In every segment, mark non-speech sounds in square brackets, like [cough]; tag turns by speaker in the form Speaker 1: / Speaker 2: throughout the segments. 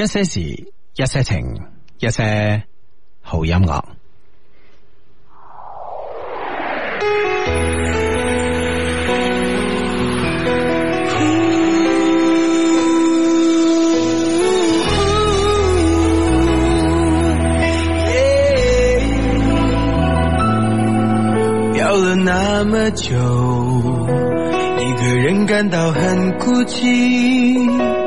Speaker 1: 一些事，一些情，一些好音樂。嗚，掉、 [music] [music] [music] yeah, 了那麼久，
Speaker 2: 一個人感到很孤寂。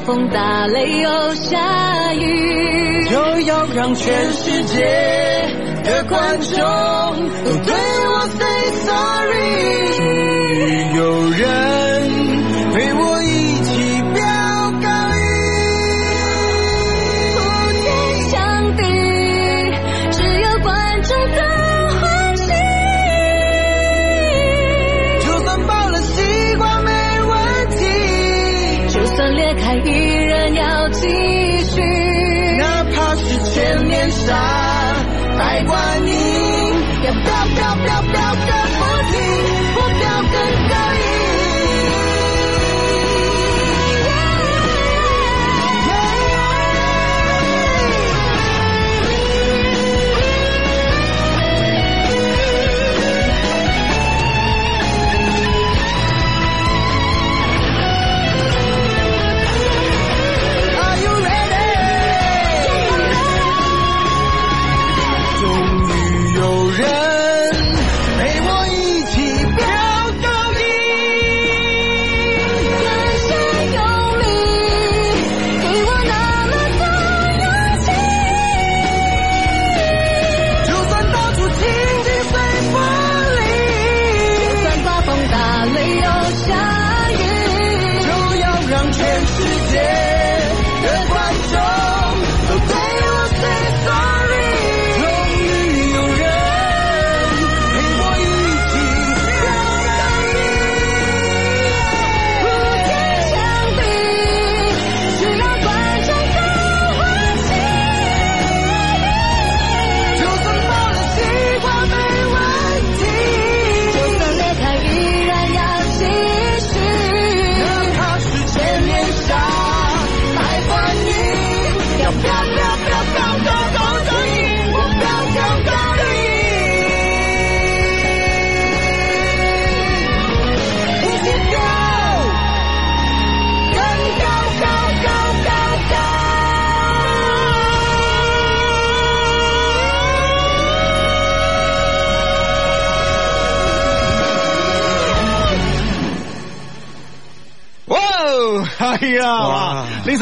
Speaker 2: 風、打雷又、哦、下雨，就要讓全世界的觀眾都對我 say sorry。Say sorry 有人。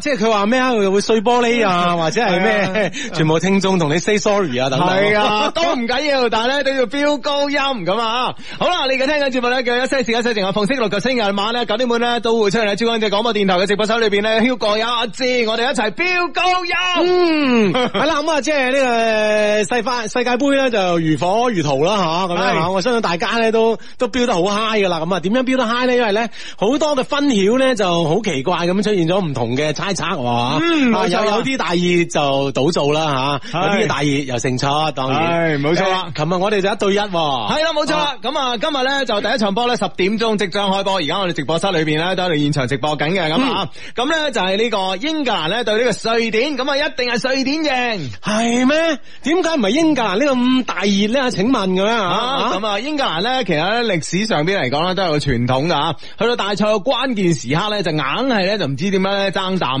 Speaker 1: 即係佢話咩啊？佢會碎玻璃啊，或者係咩、啊？全部聽眾同你 say sorry 啊，等等。啊， [laughs] 都唔緊要，但係咧都要飆高音咁啊！好啦，你而家聽緊節目咧叫一些事，一些情，我逢星期六及星期日晚咧九點半咧都會出嚟。喺珠江台廣播電台嘅直播室裏邊咧，Hugo 有阿志，我哋一齊飆高音。嗯，係、嗯、啦，咁 [laughs] 啊、嗯，即係呢個世世界杯咧就如火如荼啦，吓咁啊！我相信大家咧都都飆得好 high 噶啦，咁啊，點樣飆得 high 呢？因為咧好多嘅分曉咧就好奇怪咁出現咗唔同嘅嗯，啊啊、有有大有啲大熱就倒灶啦吓，啊、有啲大熱又勝出，當然係冇錯啦。琴日、啊、我哋就一對一，係啦冇錯啦。咁啊，啊，啊今呢，今日咧就第一場波咧十點鐘即將開波，而家我哋直播室裏邊咧都喺度現場直播緊嘅，咁啊，咁、嗯、咧、啊、就係呢個英格蘭咧對呢個瑞典，咁啊一定係瑞典贏係咩？點解唔係英格蘭呢個咁大熱咧？請問嘅咧吓，咁啊，啊，啊英格蘭咧其實歷史上邊嚟講咧都有個傳統嘅吓，去到大賽嘅關鍵時刻咧就硬係咧就唔知點樣咧爭係即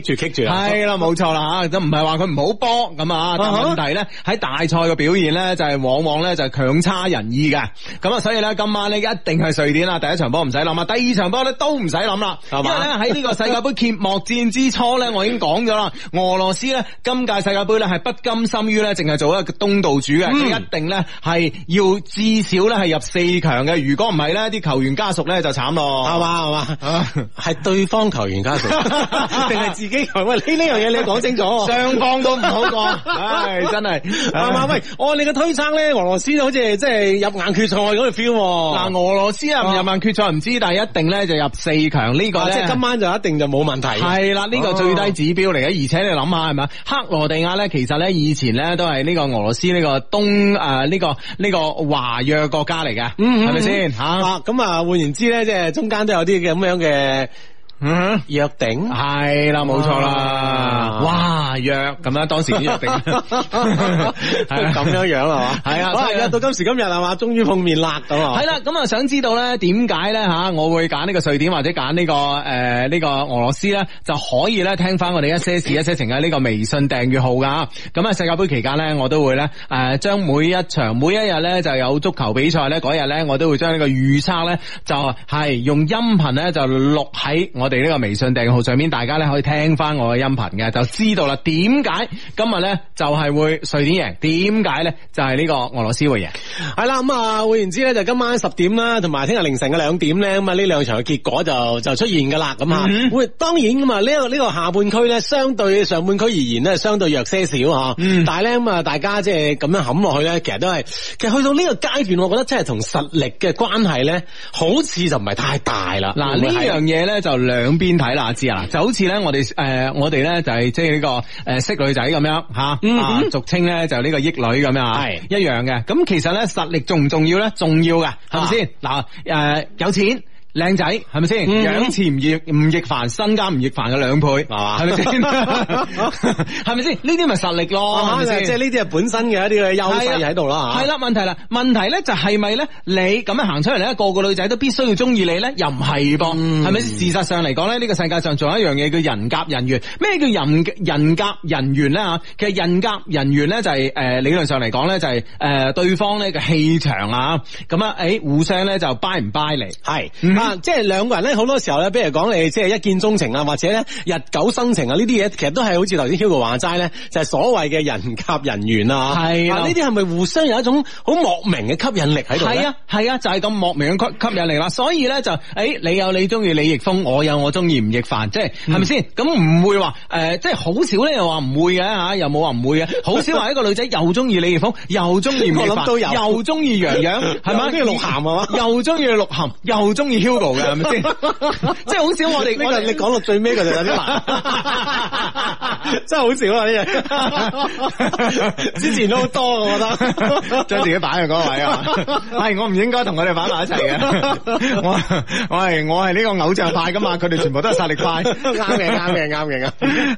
Speaker 1: 住，係啦，冇錯啦吓，都唔係話佢唔好波咁啊，但問題咧喺大賽嘅表現咧，就係往往咧就係強差人意嘅。咁啊，所以咧今晚呢，一定係瑞典啦，第一場波唔使諗啊，第二場波咧都唔使諗啦，係嘛？因為咧喺呢個世界杯揭幕戰之初咧，我已經講咗啦，俄羅斯咧今屆世界杯咧係不甘心於咧淨係做一個東道主嘅，嗯、一定咧係要至少咧係入四強嘅。如果唔係咧，啲球員家屬咧就慘咯，係嘛係嘛，係對方球員家屬。 [laughs] 啊啊哎啊啊啊啊、一定係自己強喂，呢呢樣嘢你要講清楚，上講都唔好講，唉，真係。啊嘛喂，按你嘅推測咧，俄羅斯好似即係入硬決賽嗰個 feel。嗱，俄羅斯入唔入硬決賽唔知，但係一定咧就入四強、這個、呢個、啊，即係今晚就一定就冇問題。係、啊、啦，呢、啊啊這個最低指標嚟嘅，而且你諗下係咪？克羅地亞咧，其實咧以前咧都係呢個俄羅斯呢個東誒呢、啊這個呢、這個華約國家嚟嘅，係咪先吓？咁啊換言之咧，即係中間都有啲嘅咁樣嘅。約定係啦，冇錯啦，哇約咁樣，當時啲約定咁樣樣係嘛，係啊，到今時今日係嘛，終於碰面啦咁啊，係啦，咁啊，想知道咧點解咧吓，我會揀呢個瑞典或者揀呢個誒呢個俄羅斯咧，就可以咧聽翻我哋一些事一些情嘅呢個微信訂閱號噶，咁啊世界盃期間咧我都會咧誒將每一場每一日咧就有足球比賽咧嗰日咧我都會將呢個預測咧就係用音頻咧就錄喺我。我、這、呢個微信訂閱號上面，大家咧可以聽翻我嘅音頻嘅，就知道啦。點解今日咧就係會瑞典贏？點解咧就係呢個俄羅斯會贏？係啦，咁啊，換言之咧，就今晚十點啦，同埋聽日凌晨嘅兩點咧，咁啊呢兩場嘅結果就就出現噶啦。咁、嗯、啊，會當然咁啊呢個呢個下半區咧，相對上半區而言咧，相對弱些少啊。但係咧咁啊，大家即係咁樣冚落去咧，其實都係其實去到呢個階段，我覺得真係同實力嘅關係咧，好似就唔係太大啦。嗱、嗯、呢樣嘢咧就兩。兩邊睇啦，知啊，就好似咧、呃，我哋誒、這個，我哋咧就係即係呢個誒識女仔咁樣吓、啊嗯嗯，俗稱咧就呢個益女咁樣，係一樣嘅。咁其實咧實力重唔重要咧？重要嘅係咪先？嗱、啊，誒、呃、有錢。靚仔係咪先？楊潛越吳亦凡，身家吳亦凡嘅兩倍，係咪先？係咪先？呢啲咪實力咯，係咪先、啊啊、即係呢啲係本身嘅一啲嘅優勢喺度啦，吓係啦。問題啦，問題咧就係咪咧？你咁樣行出嚟咧，個個女仔都必須要中意你咧？又唔係噃？係、嗯、咪？事實上嚟講咧，呢、這個世界上仲有一樣嘢叫人格人緣。咩叫人人格人緣咧？吓，其實人格人緣咧就係、是、誒理論上嚟講咧就係誒對方呢個氣場啊，咁啊誒互相咧就掰唔掰嚟係。啊、即係兩個人咧，好多時候咧，比如講你即係一見鐘情啊，或者咧日久生情啊，呢啲嘢其實都係好似頭先 Hugo 話齋咧，就係、是、所謂嘅人夾人緣啊。係啊，呢啲係咪互相有一種好莫名嘅吸引力喺度咧？係啊，係啊，就係、是、咁莫名嘅吸吸引力啦。所以咧就，誒、哎，你有你中意李易峰，我有我中意吳亦凡，即係係咪先？咁、嗯、唔會話誒，即係好少咧，又話唔會嘅吓，又冇話唔會嘅，好少話一個女仔又中意李易峰，又中意吳亦凡，都有，又中意楊洋，係咪？中意鹿晗係嘛？又中意鹿晗，又中意 Google 嘅係咪先？是是 [laughs] 即係好少我，這個、我哋你你講到最尾嗰度有啲難， [laughs] 真係好少啊！呢、這、啲、個、 [laughs] [laughs] 之前都好多，我覺得將自己擺喺嗰個位啊，係我唔應該同佢哋擺埋一齊嘅。我 [laughs] 我係我係呢個偶像派噶嘛，佢哋全部都係、 [laughs] [laughs] [laughs] 嗯嗯嗯嗯嗯、實力派，啱嘅啱嘅啱嘅啱。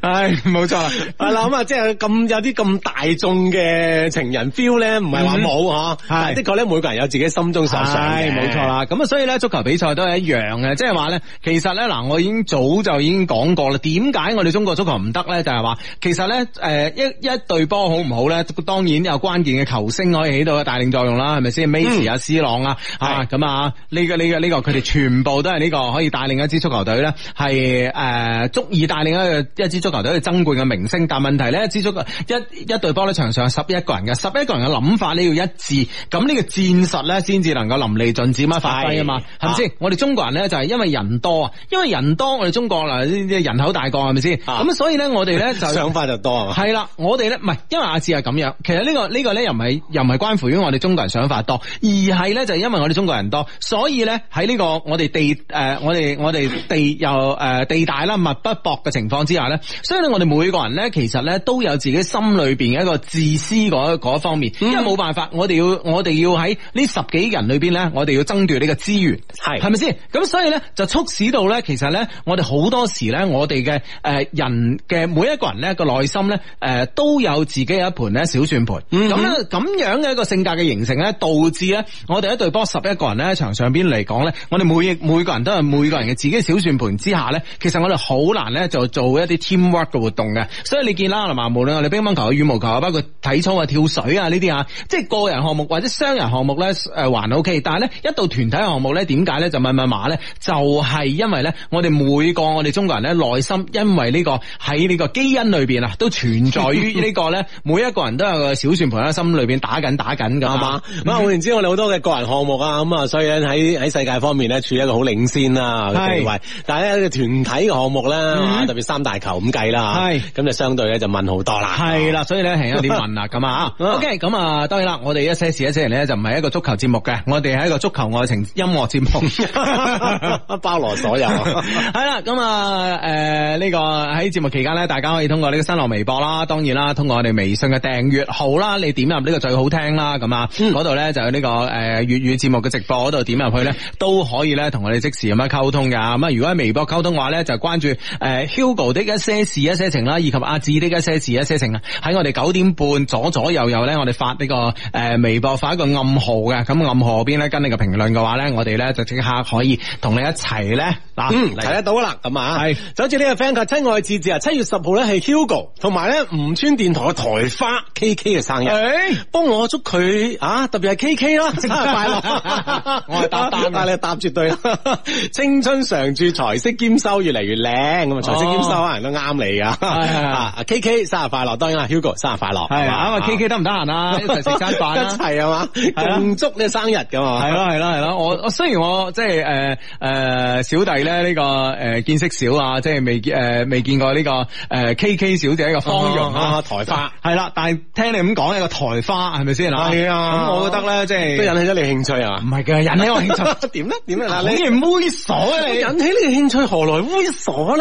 Speaker 1: 唉，冇錯，係啦咁啊，即係咁有啲咁大眾嘅情人 feel 咧，唔係話冇嗬，係的確咧，每個人有自己心中所想嘅，冇、哎、錯啦。咁啊，所以咧，足球比賽都。都一樣嘅，即係話咧，其實咧嗱，我已經早就已經講過啦。點解我哋中國足球唔得咧？就係話，其實咧，誒，一一對波好唔好咧？當然有關鍵嘅球星可以起到嘅帶領作用啦，係咪先美斯阿 C 朗啊，咁啊，呢個呢個呢個，佢哋全部都係呢個可以帶領一支足球隊咧，係誒、呃，足以帶領一一支足球隊去爭冠嘅明星。但係問題咧，一支足球，一一對波咧，場上十一個人嘅，十一個人嘅諗法你要一致，咁呢個戰術咧，先至能夠淋漓盡致啊，發揮啊嘛，係咪先？我哋。我們中國人咧就係因為人多啊，因為人多我哋中國嗱，人口大國係咪先？咁、啊、所以咧我哋咧就想法就多係嘛？係啦，我哋咧唔係，因為阿志係咁樣。其實呢、這個呢、這個咧又唔係又唔係關乎於我哋中國人想法多，而係咧就係因為我哋中國人多，所以咧喺呢個我哋地誒、呃，我哋我哋地又誒、呃、地大啦，物不博嘅情況之下咧，所以咧我哋每個人咧其實咧都有自己心裏邊嘅一個自私嗰一方面，嗯、因為冇辦法，我哋要我哋要喺呢十幾人裏邊咧，我哋要爭奪呢個資源，係係咪先？是咁、嗯、所以咧就促使到咧，其實咧我哋好多時咧，我哋嘅誒人嘅每一個人咧個內心咧誒、呃、都有自己嘅一盤咧小算盤。咁咧咁樣嘅一個性格嘅形成咧，導致咧我哋一隊波十一個人咧場上邊嚟講咧，我哋每每個人都係每個人嘅自己小算盤之下咧，其實我哋好難咧就做一啲 teamwork 嘅活動嘅。所以你見啦，嗱無論我哋乒乓球啊羽毛球啊，包括體操啊、跳水啊呢啲啊，即係個人項目或者雙人項目咧誒還 OK，但係咧一到團體項目咧，點解咧就？唔係唔咧，就係、是、因為咧，我哋每個我哋中國人咧，內心因為呢、這個喺呢個基因裏邊啊，都存在於呢、這個咧， [laughs] 每一個人都有個小算盤喺心裏邊打緊打緊噶嘛。咁啊，固然知，我哋好多嘅個人項目啊，咁啊，所以咧喺喺世界方面咧，處一個好領先啊嘅地位。但係咧，團體嘅項目咧，特別三大球咁計啦，係、嗯、咁就相對咧就問好多啦，係啦。所以咧係有啲問啦，咁啊 [laughs] ，OK，咁啊，當然啦，我哋一些事一些人咧，就唔係一個足球節目嘅，我哋係一個足球愛情音樂節目。 [laughs] 包羅羅所有， [laughs] 係啦，咁、呃、啊，誒、這個，呢個喺節目期間呢，大家可以通過呢個新浪微博啦，當然啦，通過我哋微信嘅訂閱號啦，你點入呢個最好聽啦，咁啊，嗰度呢，就有呢、這個誒粵、呃、語節目嘅直播嗰度點入去呢，都可以呢，同我哋即時咁樣溝通㗎。咁啊，如果喺微博溝通嘅話呢，就關注誒、呃、Hugo 的一些事一些情啦，以及阿志的一些事一些情啊，喺我哋九點半左左右右呢、這個，我哋發呢個誒微博發一個暗號嘅，咁暗號邊呢？跟你嘅評論嘅話呢，我哋呢，就即刻。可以同你一齊咧，嗱、嗯，睇、嗯、得到啦，咁啊，係就好似呢個 friend 嘅親愛姐姐啊，七月十號咧係 Hugo，同埋咧吳川電台嘅台花 K K 嘅生日，誒、欸，幫我祝佢啊，特別係 K K 啦，生日快樂， [laughs] [laughs] 我係搭單，但係你搭絕對啦、啊，青春常駐，財色兼收越越，越嚟越靚，咁啊，財色兼收啊，可能都啱你噶，啊、 [laughs] uh, K K 生日快樂，當然啦 Hugo 生日快樂，係啊，K K 得唔得閒啊？一齊食餐飯， [laughs] 一齊啊嘛，共祝你生日噶、啊、嘛，係咯係咯係咯，我我雖然我即係。誒、呃、誒、呃，小弟咧呢、這個誒、呃、見識少啊，即係未見誒、呃、未見過呢、這個誒、呃、K K 小姐個芳容啊，台花係啦，但係聽你咁講，一個台花係咪先啊？係、嗯、啊，咁、嗯嗯、我覺得咧即係都引起咗你興趣啊？唔係嘅，引起我興趣點咧？點 [laughs] 你猥瑣引起你嘅興趣 [laughs] 何來猥瑣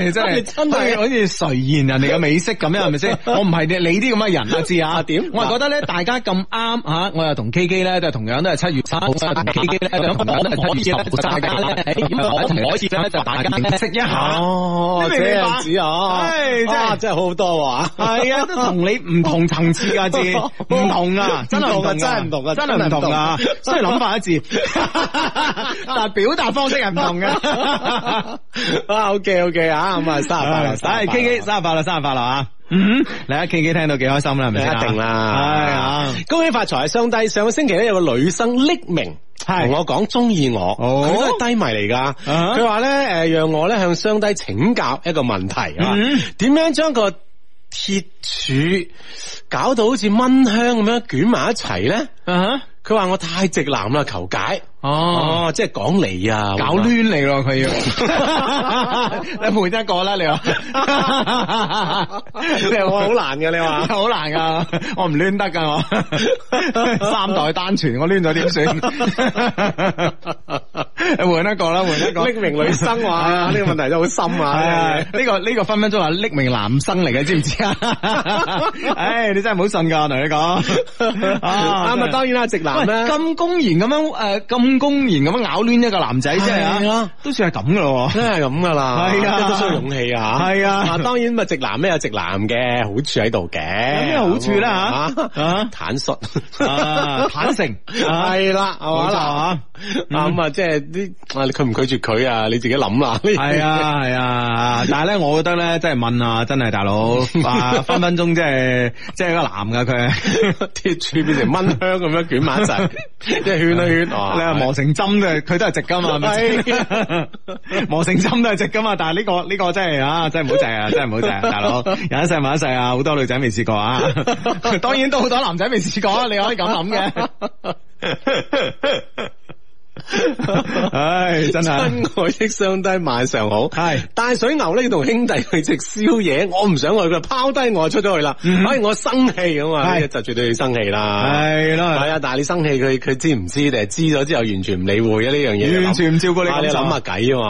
Speaker 1: 咧？真係真係好似垂涎人哋嘅美色咁樣係咪先？我唔係你 [laughs] 你啲咁嘅人啊，知啊？點？ [laughs] 我係覺得咧， [laughs] 大家咁啱吓，我又同 K K 咧都同樣都係七月三號 k K 我唔可以咧就大家認識一下，啲咩字啊？唉、啊，真係係好多喎嚇，係啊，都同你唔同層次嘅字，唔同啊，真係真係唔同啊，真係唔同啊，雖然諗法一字， [laughs] 但係表達方式係唔同㗎。哇 [laughs] ，OK OK 啊，咁、嗯、啊，卅八，唉，K K，卅八啦，卅八啦嚇、啊，嗯，嚟啊，K K，聽到幾開心啦，咪係定啦，唉、啊啊，恭喜發財上帝，上個星期咧有個女生匿名。係同我講中意我，佢都係低迷嚟噶。佢話咧，誒，讓我咧向雙帝請教一個問題啊，點、嗯、樣將個鐵柱搞到好似蚊香咁樣捲埋一齊咧？啊，佢話我太直男啦，求解。哦，即係講嚟啊，搞攣你咯，佢 [laughs] 要你換一個啦，你話 [laughs] [laughs] 你話 [laughs] 好難噶，你話好難噶，我唔攣得噶，我 [laughs] 三代單傳，我攣咗點算？ [laughs] 你換一個啦，換一個。匿名女生話：呢 [laughs] 個問題真好深啊！呢、哎這個呢、這個分分鐘係匿名男生嚟嘅， [laughs] 知唔知啊？唉、 [laughs] 哎，你真係唔好信噶，同你講啱 [laughs] 啊，啊！當然啦，直男咧咁公然咁樣誒，咁、呃。公然咁樣咬攣一個男仔，即係啊，都算係咁噶喎，真係咁噶啦，係啊，都需要勇氣啊，係啊，啊。當然啊，直男咩有直男嘅好處喺度嘅，有咩好處呢？啊，坦、啊、率、啊，坦誠，係啦，係嘛，啊咁啊，即係啲啊，啊啊啊嗯啊就是、啊你拒唔拒絕佢啊？你自己諗啦。係啊，係啊， [laughs] 啊，但係咧，我覺得咧，真係問啊，真係大佬 [laughs] 分分鐘即、就、係、是，即係個男噶佢，鐵柱 [laughs] 變成蚊香咁樣捲埋一齊，即 [laughs] 係 [laughs] 圈一了 [laughs] 圈磨成針嘅，佢都係直㗎嘛？係咪 [laughs] 不是？ [laughs] 磨成針都係直㗎嘛？但係呢、呢個呢、呢個真係啊，真係唔好謝啊，真係唔好謝、啊， [laughs] 大佬，有一世，買一世啊！好多女仔未試過啊， [laughs] 當然都好多男仔未試過、啊，你可以咁諗嘅。 [laughs] [laughs] 唉，真係恩愛的雙低晚上好，係大水牛咧，同兄弟去食宵夜，我唔想去佢，拋低我出咗去啦，所以我生氣啊嘛，就絕對要生氣啦，係咯，係啊，但係你生氣佢佢知唔知定係知咗之後完全唔理會啊呢樣嘢，完全唔照顧你咁諗下計啊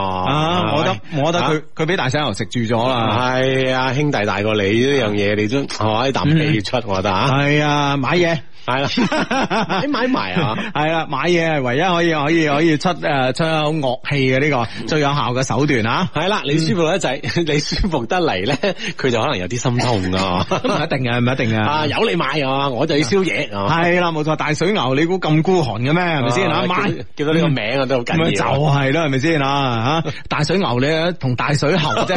Speaker 1: 嘛，我覺得我覺得佢佢俾大水牛食住咗啦，係啊，兄弟大過你呢樣嘢，你都係咪啖氣出、嗯，我覺得啊，係啊，買嘢。
Speaker 2: 係
Speaker 1: 啦，你買埋啊，係啦，買嘢係唯一可以可以可以出誒出好樂器嘅呢個最有效嘅手段啊！係啦，你舒服得滯，你舒服得嚟咧，佢就可能有啲心痛㗎！一定嘅，唔一定嘅，啊由你買啊，我就要宵夜，係啦，冇錯。大水牛，你估咁孤寒嘅咩？係咪先啊？買叫到呢個名啊都好緊要，就係咯，係咪先啊？吓，大水牛你啊同大水猴啫，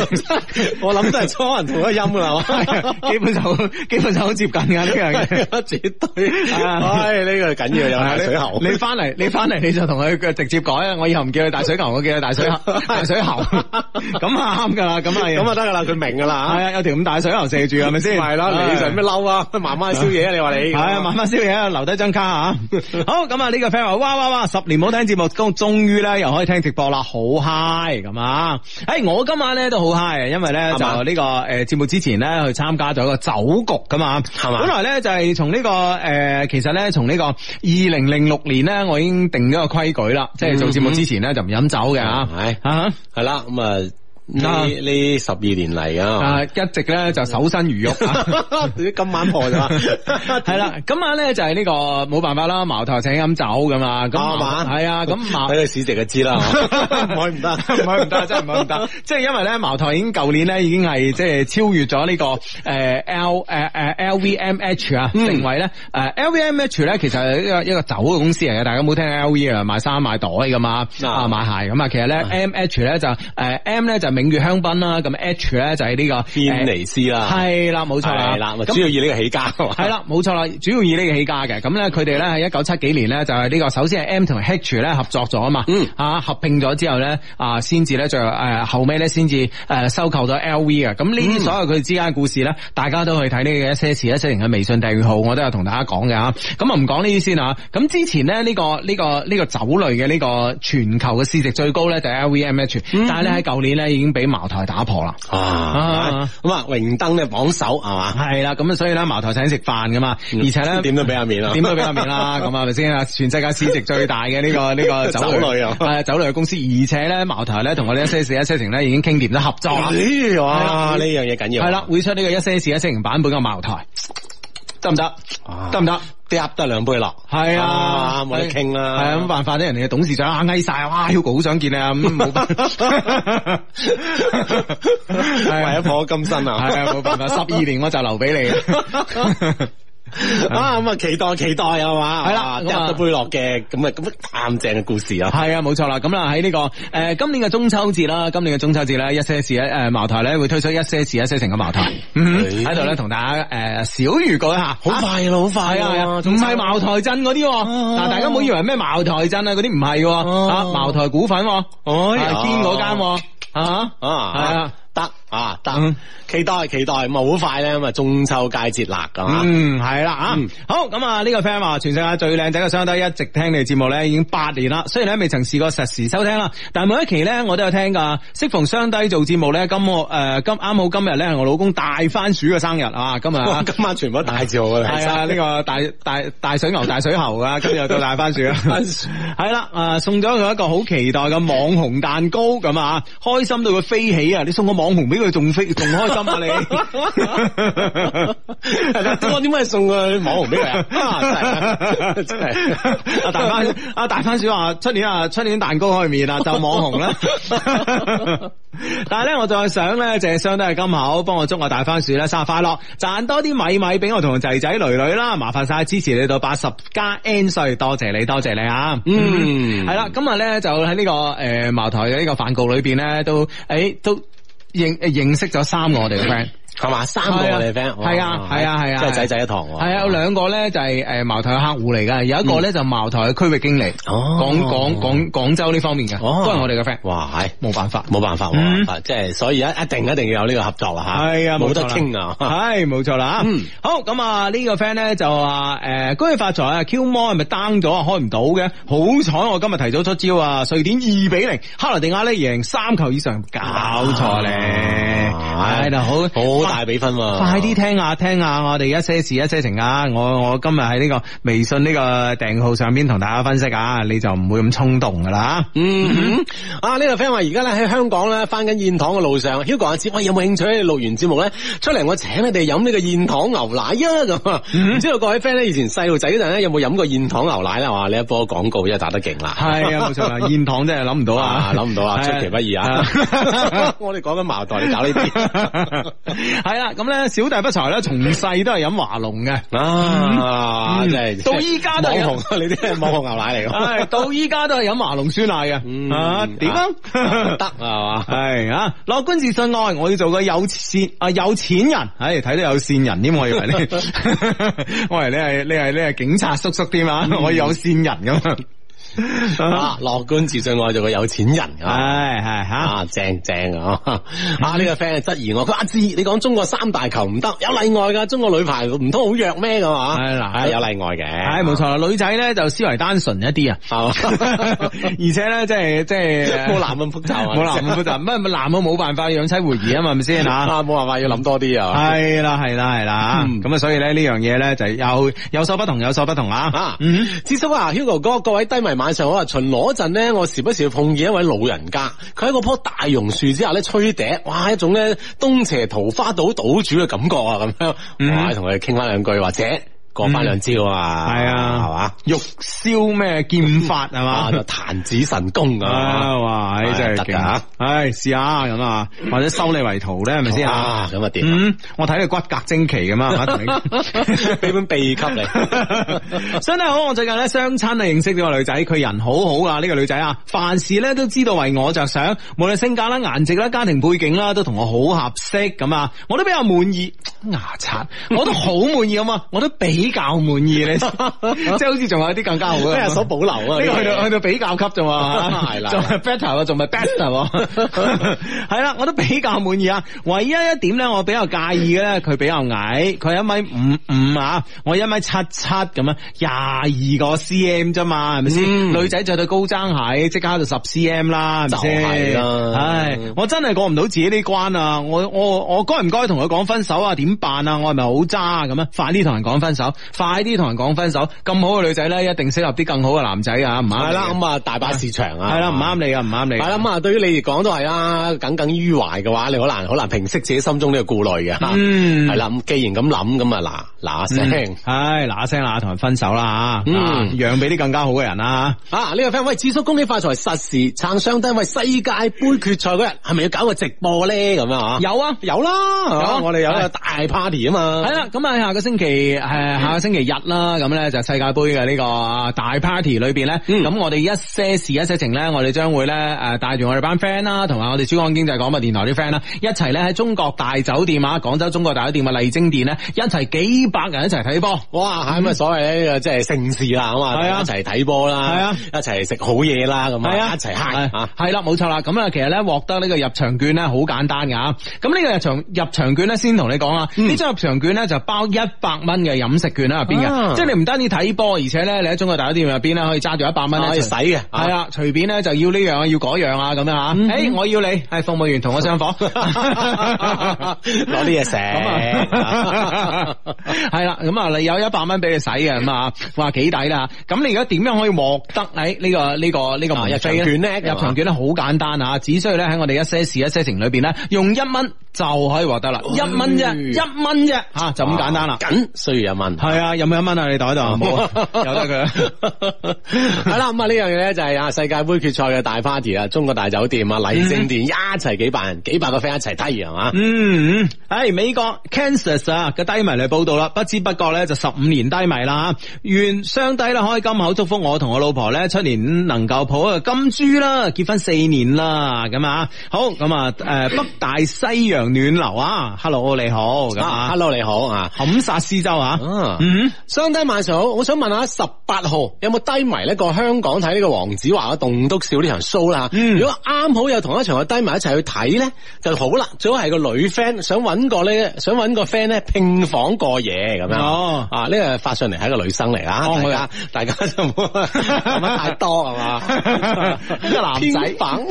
Speaker 1: 我諗都係初音同一音啊嘛，基本上基本上好接近嘅呢樣嘢一對。啊、 [laughs] 哎！呢、這個緊要又係水喉你。你翻嚟，你翻嚟你就同佢直接改啊！我以後唔叫佢大水，水喉，我叫佢大水喉。大水喉咁啱噶啦，咁啊，咁啊得噶啦，佢明噶啦。係 [laughs] 啊、哎，有條咁大水喉射住，係咪先？係啦，你做咩嬲啊？慢慢燒嘢啊！你話你？係、哎、啊，慢慢燒嘢啊，留低張卡啊。 [laughs] 好，咁啊，呢個 friend 話，哇哇哇，十年冇聽節目，終終於咧又可以聽直播啦，好嗨。咁啊！哎，我今晚咧都好嗨啊，因為咧就呢、這個誒節、呃、目之前咧去參加咗個酒局咁啊，係嘛？本來咧就係從呢個誒。呃誒，其實咧從呢個二零零六年咧，我已經定咗個規矩啦，即係做節目之前咧就唔飲酒嘅，吓，係、嗯、啊，係啦，咁啊。呢呢十二年嚟啊，一直咧就守身如玉啊！ [laughs] 今晚破而咗，係 [laughs] 啦，今晚咧就係、是、呢、這個冇辦法啦，茅台請飲酒噶、哦、啊，咁係啊，咁睇佢市值就知啦，唔可唔得，唔可唔得，真係唔可唔得， [laughs] 即係因為咧茅台已經舊年咧已經係即係超越咗、這個呃嗯、呢個誒 L 誒誒 LVMH 啊，地位咧誒 LVMH 咧其實是一個 [laughs] 一個酒嘅公司嚟嘅，大家冇好聽 LVM 啊，買衫賣袋噶嘛，啊、嗯、賣鞋咁啊，其實咧 M H 咧就誒 M 咧就永越香檳啦，咁 H 咧就係呢、這個軒尼詩啦，係啦冇錯啦，係啦，主要以呢個起家，係啦冇錯啦，主要以個呢個起家嘅，咁咧佢哋咧係一九七幾年咧就係、是、呢、這個首先係 M 同埋 H 咧合作咗啊嘛，嗯啊合併咗之後咧啊先至咧就誒後尾咧先至誒收購咗 LV 啊。嘅，咁呢啲所有佢之間故事咧、嗯，大家都去睇呢個一些事一些情嘅微信訂閱號，我都有同大家講嘅啊，咁啊唔講呢啲先啊，咁之前咧呢、這個呢、這個呢、這個酒類嘅呢、這個全球嘅市值最高咧就係、是、LVMH，、嗯、但係喺舊年咧已經。俾茅台打破啦、啊！啊，咁啊，榮登嘅榜首係嘛，係啦，咁啊，所以咧，茅台請食飯噶嘛，而且咧，點都俾阿面啦，點都俾阿面啦，咁啊，咪先啊？全世界市值最大嘅呢、呢個呢、呢個酒，酒類啊，啊酒類公司，而且咧，茅台咧同我哋一些事一些情咧已經傾掂咗合作。咦？呢樣嘢緊要係啦，會出呢個一些事一些情版本嘅茅台。得唔得？得唔得？得得兩杯啦，係啊，冇得傾啊！係啊，咁、啊啊、冇辦法啫，人哋嘅董事長啊，翳晒，哇，Hugo 好想見你啊，咁冇得，為咗破金身啊，係啊，冇辦法，十 [laughs] 二、 [laughs] 啊啊啊、年我就留俾你.。 [laughs] 啊咁、嗯、啊，期待期待啊嘛，係啦，亞當背落嘅咁啊咁啊淡正嘅故事啊，係啊，冇錯啦，咁啦喺呢個誒、呃、今年嘅中秋節啦，今年嘅中秋節咧一些事一誒、呃、茅台咧會推出一些事一些情嘅茅台，喺度咧同大家誒、呃、小魚講一下，好快喇，好快啊，仲唔係茅台鎮嗰啲，但、啊啊、大家唔好以為咩茅台鎮啊嗰啲唔係，啊，啊，啊茅台股份，哦，係天嗰間，喎。啊係啊。啊啊啊啊，等，期待期待，咁啊好快咧，咁啊中秋佳節嚟㗎嘛，嗯係啦啊，好咁啊呢個 friend 話，全世界最靚仔嘅雙低一直聽你節目咧，已經八年啦，雖然咧未曾試過實時收聽啦，但係每一期咧我都有聽噶。適逢雙低做節目咧，今個誒今啱好今日咧係我老公大番薯嘅生日啊，今日今晚全部都大字號嚟，係啊呢個大大大水牛大水猴啊，今日到大番薯啦，係啦啊送咗佢一個好期待嘅網紅蛋糕咁啊，開心到佢飛起啊！你送個網紅俾？佢仲飛仲開心啊你。 [laughs] [laughs] 我！你點解點解送個網紅俾佢啊？真、就、係、是、啊！大、就、番、是啊，就是、啊！大番薯話：，出年啊，出年蛋糕開面就網紅啦。 [laughs] [laughs] 但係咧，我再想咧，謝雙都係金口，幫我祝我大番薯咧生日快樂，賺多啲米米俾我同仔仔女女啦，麻煩晒支持你到八十加 N 歲，多謝你，多謝你啊！嗯，係、嗯、啦，今日咧就喺呢、這個誒、呃、茅台嘅呢個飯局裏邊咧，都誒、欸、都。認誒，認識咗三個我哋嘅 friend。係嘛，三個我哋嘅 friend，係啊，係啊，係啊，即係仔仔一堂喎。係啊，有兩、啊啊啊啊、個咧就係誒茅台嘅客戶嚟噶，有、嗯、一個咧就是茅台嘅區域經理，廣廣廣廣州呢方面嘅、哦，都係我哋嘅 friend。哇，係，冇辦法，冇辦法，啊啊啊法沒，啊，即係所以一一定一定要有呢個合作啊。吓。係 [laughs] 啊，冇得傾啊，係冇錯啦啊。好，咁啊呢個 friend 咧就話誒恭喜發財啊，Q 摩係咪 down 咗啊？開唔到嘅，好彩我今日提早出招啊！瑞典二比零，克羅地亞咧贏三球以上，搞錯咧，係啦，好好。大比分、啊啊，快啲聽下聽下，我哋一些事一些情啊！我我今日喺呢個微信呢個訂號上邊同大家分析啊，你就唔會咁衝動噶啦、嗯啊這個啊。嗯，啊呢個 friend 話而家咧喺香港咧翻緊燕塘嘅路上，Hugo 我有冇興趣喺度錄完節目咧出嚟，我請你哋飲呢個燕塘牛奶啊咁。唔知道各位 friend 咧，以前細路仔嗰陣咧有冇飲過燕塘牛奶啦？哇！你一波廣告真係打得勁啦。係啊，冇錯啦，燕 [laughs] 塘真係諗唔到啊，諗唔到啊，出其不意啊！啊 [laughs] [laughs] 我哋講緊茅台，你搞呢啲？ [laughs] 係啦，咁咧小弟不才咧，從細都係飲華龍嘅，啊真係、嗯嗯、到依家都網紅，呢啲係網紅牛奶嚟嘅，係 [laughs] 到依家都係飲華龍酸奶嘅、嗯，啊點啊得啊係嘛，係 [laughs] 啊樂觀自信愛。我要做個有錢啊有錢人，唉睇到有線人添，我以為你，我以為你係你係你係警察叔叔添啊，我有線人咁。嗯 [laughs] 啊！樂觀自信，愛做個有錢人。係係吓，正正啊！啊，呢、這個 friend 係質疑我。佢阿志，你講中國三大球唔得，有例外噶。中國女排唔通好弱咩？噶嘛？係啦，有例外嘅。係冇錯，女仔咧就思維單純一啲啊，啊。而且咧，即係即係冇男咁複雜。冇男咁複雜，乜、啊、咪男嘅冇辦法養妻護兒啊嘛？係咪先啊？冇辦法要諗多啲啊？係啦係啦係啦。咁啊、嗯，所以咧呢樣嘢咧就又有，有所不同，有所不同啦、啊啊。嗯，志叔啊，Hugo 哥，各位低迷。晚上好啊巡邏陣咧，我時不時碰見一位老人家，佢喺個棵大榕樹之下咧吹笛，哇一種咧東邪桃花島島主嘅感覺啊，咁樣，哇同佢傾傾翻兩句或者。過翻兩招啊，係、嗯、啊，係嘛，玉簫咩劍法啊嘛，彈指神功啊，啊哇，哎真係勁啊，哎，試下咁啊，或者收你為徒咧，係咪先啊？咁啊點？我睇你骨骼精奇咁啊，俾 [laughs] 本秘笈你。 [laughs] 相弟好，我最近咧相親啊，親認識呢個女仔，佢人好好啊，呢、這個女仔啊，凡事咧都知道為我着想，無論性格啦、顏值啦、家庭背景啦，都同我好合適咁啊，我都比較滿意。牙刷，我都好滿意咁啊，我都俾。比較滿意你， [laughs] 即係好似仲有啲更加好，即係有所保留啊。呢、呢個去到去到比較級啫嘛，係啦，仲係 better 啊，仲係 better 係嘛，係啦，我都比較滿意啊。唯一一點咧，我比較介意嘅咧，佢比較矮，佢一米五五啊，我一米七七咁啊，廿二個 cm 啫嘛，係咪先？女仔着對高踭鞋，即刻就十 cm 啦，係就係、係、啦，唉，我真係過唔到自己呢關啊！我我我該唔該同佢講分手啊？點辦啊？我係咪好渣啊？咁啊，快啲同人講分手。快啲同人講分手，咁好嘅女仔咧，一定適合啲更好嘅男仔啊，唔啱？係、嗯、啦，咁啊大把市場啊，係啦，唔啱你啊，唔啱你。係啦，咁啊，對於你嚟講都係啊，耿耿於懷嘅話，你好難好難平息自己心中呢個顧慮嘅。係啦，既然咁諗，咁啊嗱嗱聲，唉嗱聲，嗱同人分手啦吓、嗯，讓俾啲更加好嘅人啦。啊呢、這個 friend，喂，智叔恭喜發財，實時撐上低，喂世界盃決賽嗰日係咪要搞個直播咧？咁樣有啊，有啦、啊啊啊啊，我哋有一、啊、個、啊、大 party 啊嘛。係啦、啊，咁啊下個星期誒。下個星期日啦，咁咧就世界杯嘅呢個大 party 裏邊咧，咁、嗯、我哋一些事一些情咧，我哋將會咧誒帶住我哋班 friend 啦，同埋我哋珠江經濟廣播電台啲 friend 啦，一齊咧喺中國大酒店啊，廣州中國大酒店嘅麗晶店咧，一齊幾百人一齊睇波，哇！係咪所謂嘅即係盛事啦，咁、嗯、啊、就是、一齊睇波啦，係啊，一齊食好嘢啦，咁啊一齊慳啊，係啦，冇錯啦。咁啊，啊，啊，其實咧獲得呢個入場券咧好簡單噶，咁呢個入場入場券咧先同你講啊，呢、嗯、張入場券咧就包一百蚊嘅飲食。券啦入邊嘅，即係你唔單止睇波，而且咧你喺中國大酒店入邊咧可以揸住一百蚊可以使嘅，係啊，隨便咧就要呢樣啊，要嗰樣啊，咁樣啊，誒、嗯欸，我要你，係服務員同我上房，攞啲嘢食，係 [laughs] 啦西，咁 [laughs] 啊， [laughs] [laughs] 你有一百蚊俾你使嘅，咁啊，哇，幾抵啦，咁你而家點樣可以獲得誒、這、呢個呢、這個呢、這個入場券咧？入場券咧好簡單啊，只需要咧喺我哋一些事一些情裏邊咧用一蚊。就可以獲得啦，一蚊啫，一蚊啫，吓就咁簡單啦、啊。緊，需要一蚊，係啊，有冇一蚊啊？你袋度 [laughs] 有，有得佢。係 [laughs] 啦、 [laughs] [laughs] 嗯，咁、嗯嗯哎、啊，呢樣嘢咧就係啊世界杯決賽嘅大 party 啊，中國大酒店啊，麗晶店一齊舉辦，幾百個 friend 一齊梯啊嗯，係美國 Kansas 啊嘅低迷嚟報道啦，不知不覺咧就十五年低迷啦，願上帝啦。可以金口祝福我同我老婆咧，出年能夠抱啊金豬啦，結婚四年啦，咁啊好咁啊誒、呃、北大西洋。 [laughs] 暖流啊，hello 你好，咁、啊、h e l l o 你好啊，冚殺四周啊，嗯，雙低萬事好，我想問下十八號有冇低迷呢個香港睇呢個黃子華嘅棟篤笑呢場 show 啦、啊嗯？如果啱好有同一場嘅低迷一齊去睇咧，就好啦。最好係個女 friend 想揾個呢？想揾個 friend 咧拼房過夜咁、哦、樣，啊，呢、這個發上嚟係一個女生嚟啦，大家、哦、大，家大家就唔好 [laughs] 太多係嘛，一個男仔房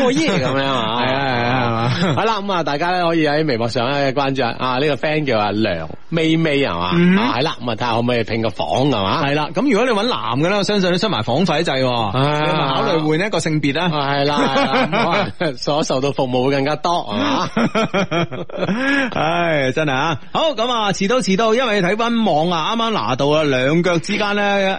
Speaker 1: 過夜咁樣啊，係啊係啊，係啦咁啊，大家。可以喺微博上咧關注啊，呢、啊，這個 friend 叫阿梁薇薇係嘛，係啦，咁、嗯、啊睇下可唔可以拼個房係嘛，係啦，咁如果你揾男嘅咧，我相信你出埋房費制，哎、你考慮換一個性別啦，係啦， [laughs] 所受到服務會更加多，嘛，唉、 [laughs] 哎，真係啊，好咁啊，遲到遲到，因為睇温網啊，啱啱拿到啊，兩腳之間咧，誒、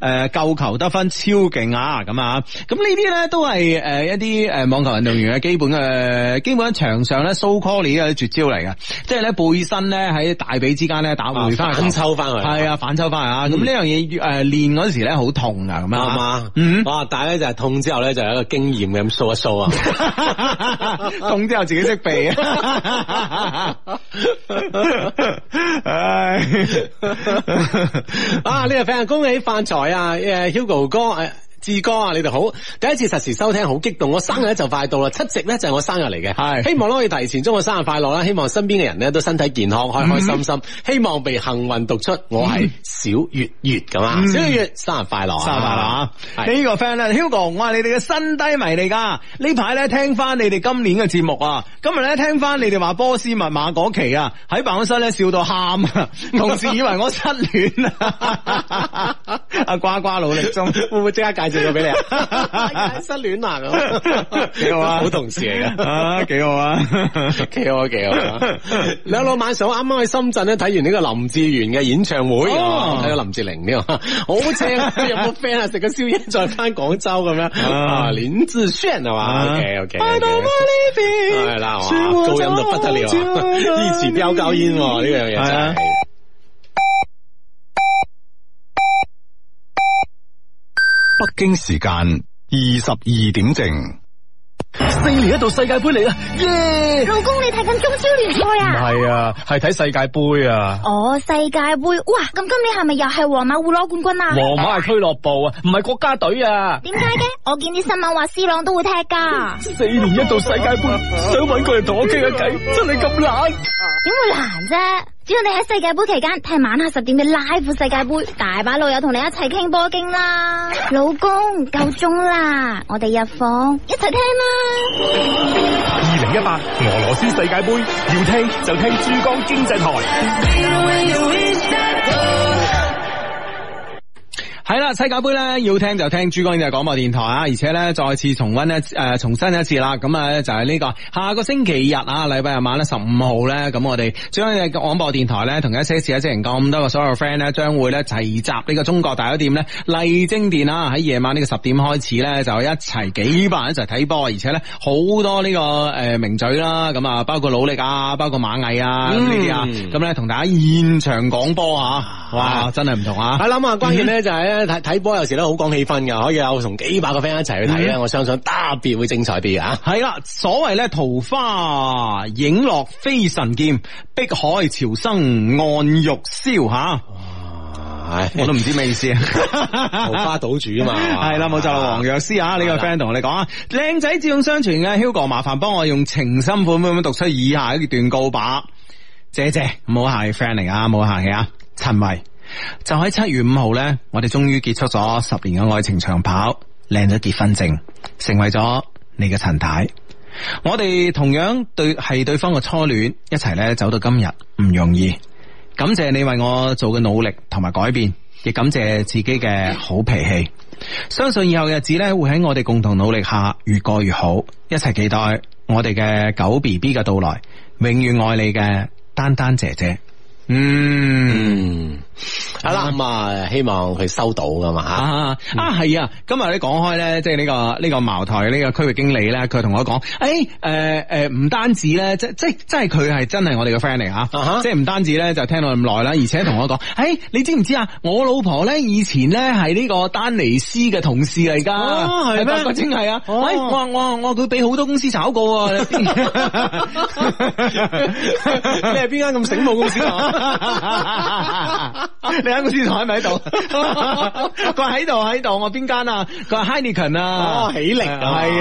Speaker 1: 呃、誒，救球得分超勁啊，咁啊，咁呢啲咧都係誒一啲誒網球運動員嘅基本嘅、呃、基本場上 show call 啲絕招嚟嘅，即係咧背身咧喺大髀之間咧打回翻、啊，反抽翻去，係啊反抽翻去啊！咁、嗯、呢樣嘢誒練嗰時咧好痛啊咁啊嘛，嗯，哇！但係咧就係痛之後咧就有一個經驗咁掃一掃啊， [laughs] [laughs] 痛之後自己識避 [laughs] [laughs] [laughs] [laughs] 唉 [laughs] 啊！唉、這個、啊！呢個 friend 恭喜發財啊！誒，Hugo 哥誒。志哥啊，你哋好，第一次實時收聽，好激動。我生日咧就快到啦，七夕咧就我生日嚟嘅，係希望可以提前祝我生日快樂啦。希望身邊嘅人咧都身體健康、嗯，開開心心。希望被幸運讀出，我係小月月咁啊、嗯！小月月生日快樂，生日快樂、嗯、啊！呢個 friend 咧，Hugo，我係你哋嘅新低迷嚟噶。呢排咧聽翻你哋今年嘅節目啊，今日咧聽翻你哋話波斯密碼嗰期啊，喺辦公室咧笑到喊啊，同事以為我失戀啊！阿瓜瓜努力中，會唔會即刻介紹？俾你啊！ [laughs] 失戀啊咁，幾好啊！ [laughs] 好同事嚟㗎，啊幾好啊！幾好幾、啊、好、啊， [laughs] 好啊、 [laughs] 兩老晚上啱啱喺深圳咧睇完呢個林志源嘅演唱會睇到、哦、林志玲呢、哦、 [laughs] [laughs] [laughs] 個好正啊！有冇 friend 啊食個宵夜再返廣州咁樣啊，林志炫啊嘛、啊啊、OK OK OK，係啦，哇高音都不得了，一起飆高音喎呢樣嘢真。北京時間二十二點正，四年一度世界盃嚟啦！耶、
Speaker 2: yeah!！老公，你睇緊中超聯賽啊？唔
Speaker 1: 係啊，係睇世界盃啊！
Speaker 2: 哦，世界盃，哇！咁今年係咪又係皇馬會攞冠軍啊？皇馬係
Speaker 1: 俱樂部啊，唔係國家隊啊！點
Speaker 2: 解嘅？我見啲新聞話 C 朗都會踢噶。
Speaker 1: 四年一度世界盃，想揾個人同我
Speaker 2: 傾下偈，真係咁難？點會難啫、啊？只要你喺世界杯期間聽晚黑十點嘅 Live 世界杯，大把老友同你一齊傾波經啦！ [laughs] 老公夠鐘啦，我哋入房一齊聽啦！
Speaker 1: 二零一八俄羅斯世界杯要聽就聽珠江經濟台。 [music] 係啦，世界杯咧要聽就聽珠江經濟廣播電台啊！而且咧再次重溫一誒，重新一次啦。咁啊、這個，就係呢個下個星期日啊，禮拜日晚咧十五號咧。咁我哋將嘅廣播電台咧，同一些似啊之咁多個所有 friend 咧，將會齊集呢個中國大酒店咧麗晶店啊，喺夜晚呢個十點開始咧，就一齊幾百人一齊睇波，而且咧好多呢個誒名嘴啦，咁啊包括努力啊，包括馬毅啊呢啲啊，咁咧同大家現場講波啊！哇，哇真係唔同啊！我諗啊，關鍵呢就係、是睇睇波有時咧好講氣氛噶，可以有同幾百個 friend 一齊去睇咧，嗯，我相信特別會精彩啲啊！係啦，所謂咧桃花影落飛神劍，碧海潮生岸玉簫。吓，啊。係，哎，我都唔知咩意思啊，哎！桃花島主啊嘛，係 [laughs] 啦，冇錯黃藥師啊呢個 friend 同我講啊，靚仔智勇雙全嘅 Hugo 麻煩幫我用情深款咁樣讀出以下一段告白，謝謝，唔好客氣，friend 啊，冇客氣啊，陳就喺七月五號呢，我哋終於結束咗十年嘅愛情長跑，領咗結婚證，成為咗你嘅陳太。我哋同樣對係對方嘅初戀，一齊咧走到今日唔容易。感謝你為我做嘅努力同埋改變，亦感謝自己嘅好脾氣。相信以後嘅日子咧會喺我哋共同努力下越過越好。一齊期待我哋嘅狗 BB 嘅到來。永遠愛你嘅丹丹姐姐。嗯。係啦，咁啊，希望佢收到噶嘛啊係、嗯、啊，啊，今日咧講開咧，即係呢個呢、這個茅台呢、這個區域經理咧，佢同我講，誒誒誒、唔、呃呃、單止咧，即即即係佢係真係我哋嘅 friend 嚟吓，即係唔、啊、單止咧就聽到咁耐啦，而且同我講，誒、欸，你知唔知啊？我老婆咧以前咧係呢個丹尼斯嘅同事嚟噶，係、哦、咩？真係啊！喂、哦哎，我我我佢俾好多公司炒過， [laughs] 你係邊間咁醒目公司 [laughs] [laughs] 你啱先台咪喺度？佢喺度喺度，我邊間啊？佢係 Heineken 啊，喜力係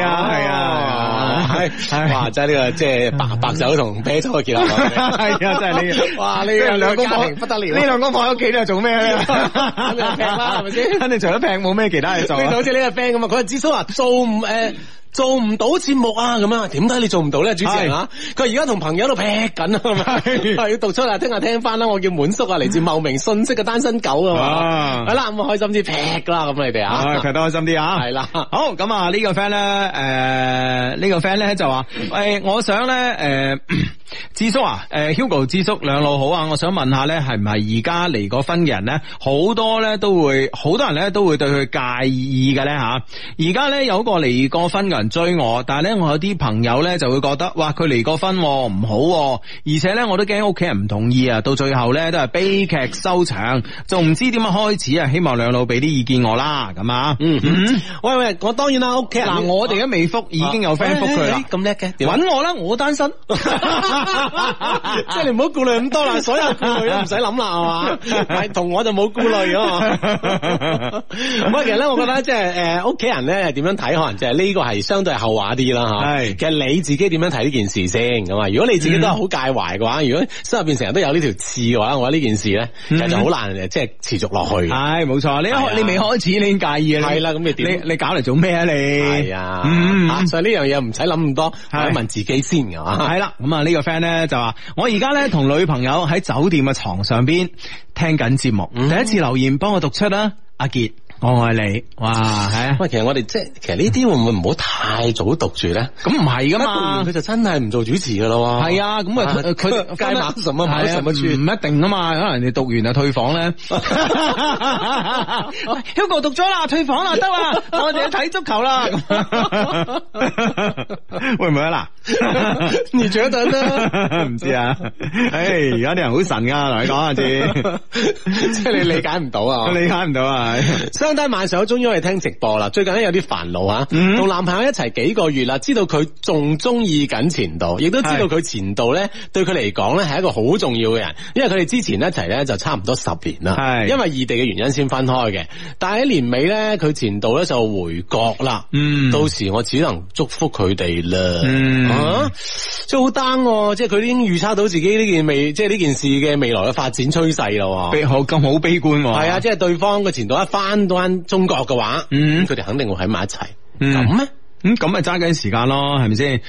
Speaker 1: 啊係啊，係、哎、哇，哇！真係呢、這個即係、就是、白、嗯、白酒同啤酒嘅結合，係啊！真係呢，哇！呢兩公婆不得了，呢兩公婆喺屋企都係做咩咧？劈啦， [laughs] 係咪先？肯定除咗劈冇咩其他嘢做？好似呢個 friend 咁啊，佢阿紫蘇啊做唔誒。做唔到節目啊，咁啊，點解你做唔到咧，主持人吓、啊？佢而家同朋友喺度劈緊啊，係咪？ [laughs] 要讀出嚟，聽下聽翻啦。我叫滿叔啊，嚟自茂名，信息嘅單身狗啊。係啦，咁開心啲劈啦，咁你哋啊，劈得開心啲啊。係啦，好咁啊，呢個 friend 咧，誒，呢個 friend 咧就話，誒，我想咧，誒，智叔啊，誒，Hugo 智叔，兩老好啊。我想問下咧，係唔係而家離過婚嘅人咧，好多咧都會，好多人咧都會對佢介意嘅咧吓。而家咧有個離過婚嘅。人追我，但係咧，我有啲朋友咧就會覺得，哇，佢離過婚唔好，而且咧，我都驚屋企人唔同意啊。到最後咧都係悲劇收場，就唔知點樣開始啊。希望兩老俾啲意見我啦，咁啊、嗯嗯。喂喂，我當然啦，屋企人嗱，我哋而家未復，已經有 friend 復、啊、佢，咁叻嘅，搵、欸欸、我啦，我單身， [laughs] [laughs] 即係你唔好顧慮咁多啦， [laughs] 所有顧慮都唔使諗啦，係嘛？同 [laughs] 我就冇顧慮啊。咁啊，其實咧，我覺得即係誒，屋企人咧點樣睇，可能就係呢個係。相對係後話啲啦吓，其實你自己點樣睇呢件事先咁啊？如果你自己都係好介懷嘅話、嗯，如果心入邊成日都有呢條刺嘅話，我話呢件事咧，其實就好難即係持續落去。係冇錯，你、啊、你未開始，你介意啊？係啦，咁你你你搞嚟做咩啊？你、嗯、係啊，所以呢樣嘢唔使諗咁多，問自己先嘅吓。係啦、啊，咁、嗯、啊呢、呢個 friend 咧就話，我而家咧同女朋友喺酒店嘅床上邊聽緊節目、嗯，第一次留言幫我讀出啦，阿杰。我愛你，哇係啊！喂，其實我哋即係其實呢啲會唔會唔好太早讀住咧？咁唔係噶嘛，佢就真係唔做主持噶咯？係啊，咁佢街碼神啊，神啊，唔一定啊嘛，可能你讀完就退房咧。喂，Hugo 讀咗啦，退房啦，得啦，我哋睇足球啦。 [laughs] 喂，唔好嗱！ [laughs] 你坐等啦，唔知啊？誒，而家啲人好神噶，同你講下先，即係你理解唔到啊， [laughs] 理解唔到啊。 [laughs] 單單晚上終於我終於可以聽直播啦。最近咧有啲煩惱吓，同、嗯、男朋友一齊幾個月啦，知道佢仲中意緊前度，亦都知道佢前度咧對佢嚟講咧係一個好重要嘅人，因為佢哋之前一齊咧就差唔多十年啦。係因為異地嘅原因先分開嘅，但喺年尾咧佢前度咧就回國啦。嗯，到時我只能祝福佢哋啦。嗯，即係好 down，即係佢已經預測到自己呢件未，即係呢件事嘅未來嘅發展趨勢咯。咁好悲觀，係啊，即係、啊就是、對方嘅前度一翻到。翻中國嘅話，嗯，佢哋肯定會喺埋一齊，咁、嗯、咩？咁咪揸緊時間咯，係咪先？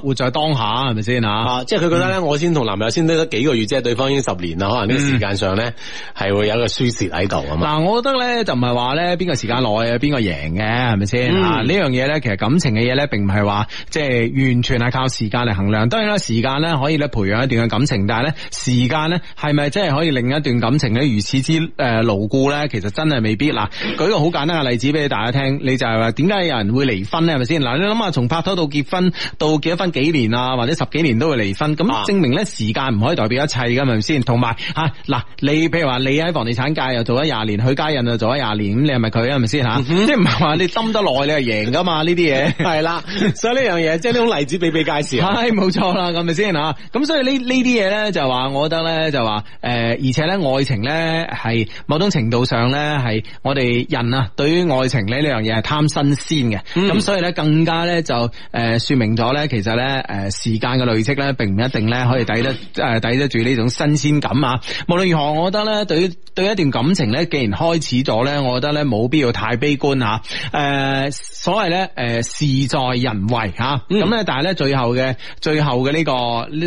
Speaker 1: 活在當下係咪先啊？即係佢覺得咧、嗯，我先同男朋友先得咗幾個月即啫，對方已經十年啦，可能呢個時間上咧係、嗯、會有一個輸蝕喺度啊嘛。嗱，我覺得咧就唔係話咧邊個時間耐、嗯、啊邊個贏嘅，係咪先？吓呢樣嘢咧，其實感情嘅嘢咧，並唔係話即係完全係靠時間嚟衡量。當然啦，時間咧可以咧培養一段嘅感情，但係咧時間咧係咪真係可以令一段感情咧如此之誒牢固咧？其實真係未必。嗱，舉個好簡單嘅例子俾大家聽，你就係話點解有人會離婚咧？係咪先？嗱，你諗下，從拍拖到結婚到結咗婚幾年啊，或者十幾年都會離婚，咁證明咧時間唔可以代表一切噶，咪先？同埋吓，嗱、啊啊，你譬如話你喺房地產界又做咗廿年，許家印又做咗廿年，咁你係咪佢啊？係咪先吓？嗯、即係唔係話你抌得耐你係贏噶嘛？呢啲嘢係啦，所以呢樣嘢即係呢種例子比比皆是。係冇錯啦，咁咪先吓。咁所以呢呢啲嘢咧就話，我覺得咧就話誒、呃，而且咧愛情咧係某種程度上咧係我哋人啊，對於愛情呢呢樣嘢係貪新鮮嘅，咁、嗯、所以咧更加咧就誒說明咗咧，其實咧誒時間嘅累積咧，並唔一定咧可以抵得誒抵得住呢種新鮮感啊。無論如何，我覺得咧對於對一段感情咧，既然開始咗咧，我覺得咧冇必要太悲觀吓。誒所謂咧誒事在人為吓，咁、嗯、咧但係咧最後嘅最後嘅呢、呢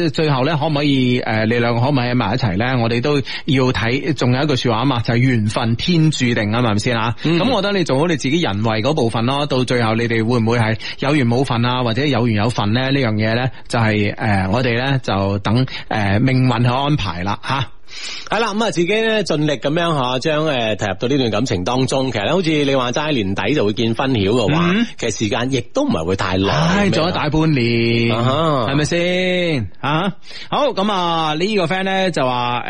Speaker 1: 個最後咧可唔可以誒你兩個可唔可以喺埋一齊咧？我哋都要睇，仲有一句說話啊嘛，就係、是、緣分天注定啊，係咪先啊？咁、嗯、我覺得你做好你自己人為嗰部分咯，到最後你哋會唔會係？有緣冇份啊，或者有緣有份咧，呢樣嘢咧就係、是、誒、呃，我哋咧就等誒、呃、命運去安排啦吓。係、啊、啦，咁啊、嗯、自己咧盡力咁樣將將誒投入到呢段感情當中。其實咧，好似你話齋年底就會見分曉嘅話、嗯，其實時間亦都唔係會太耐，做咗大半年，係咪先吓，好，咁啊呢、這個 friend 咧就話誒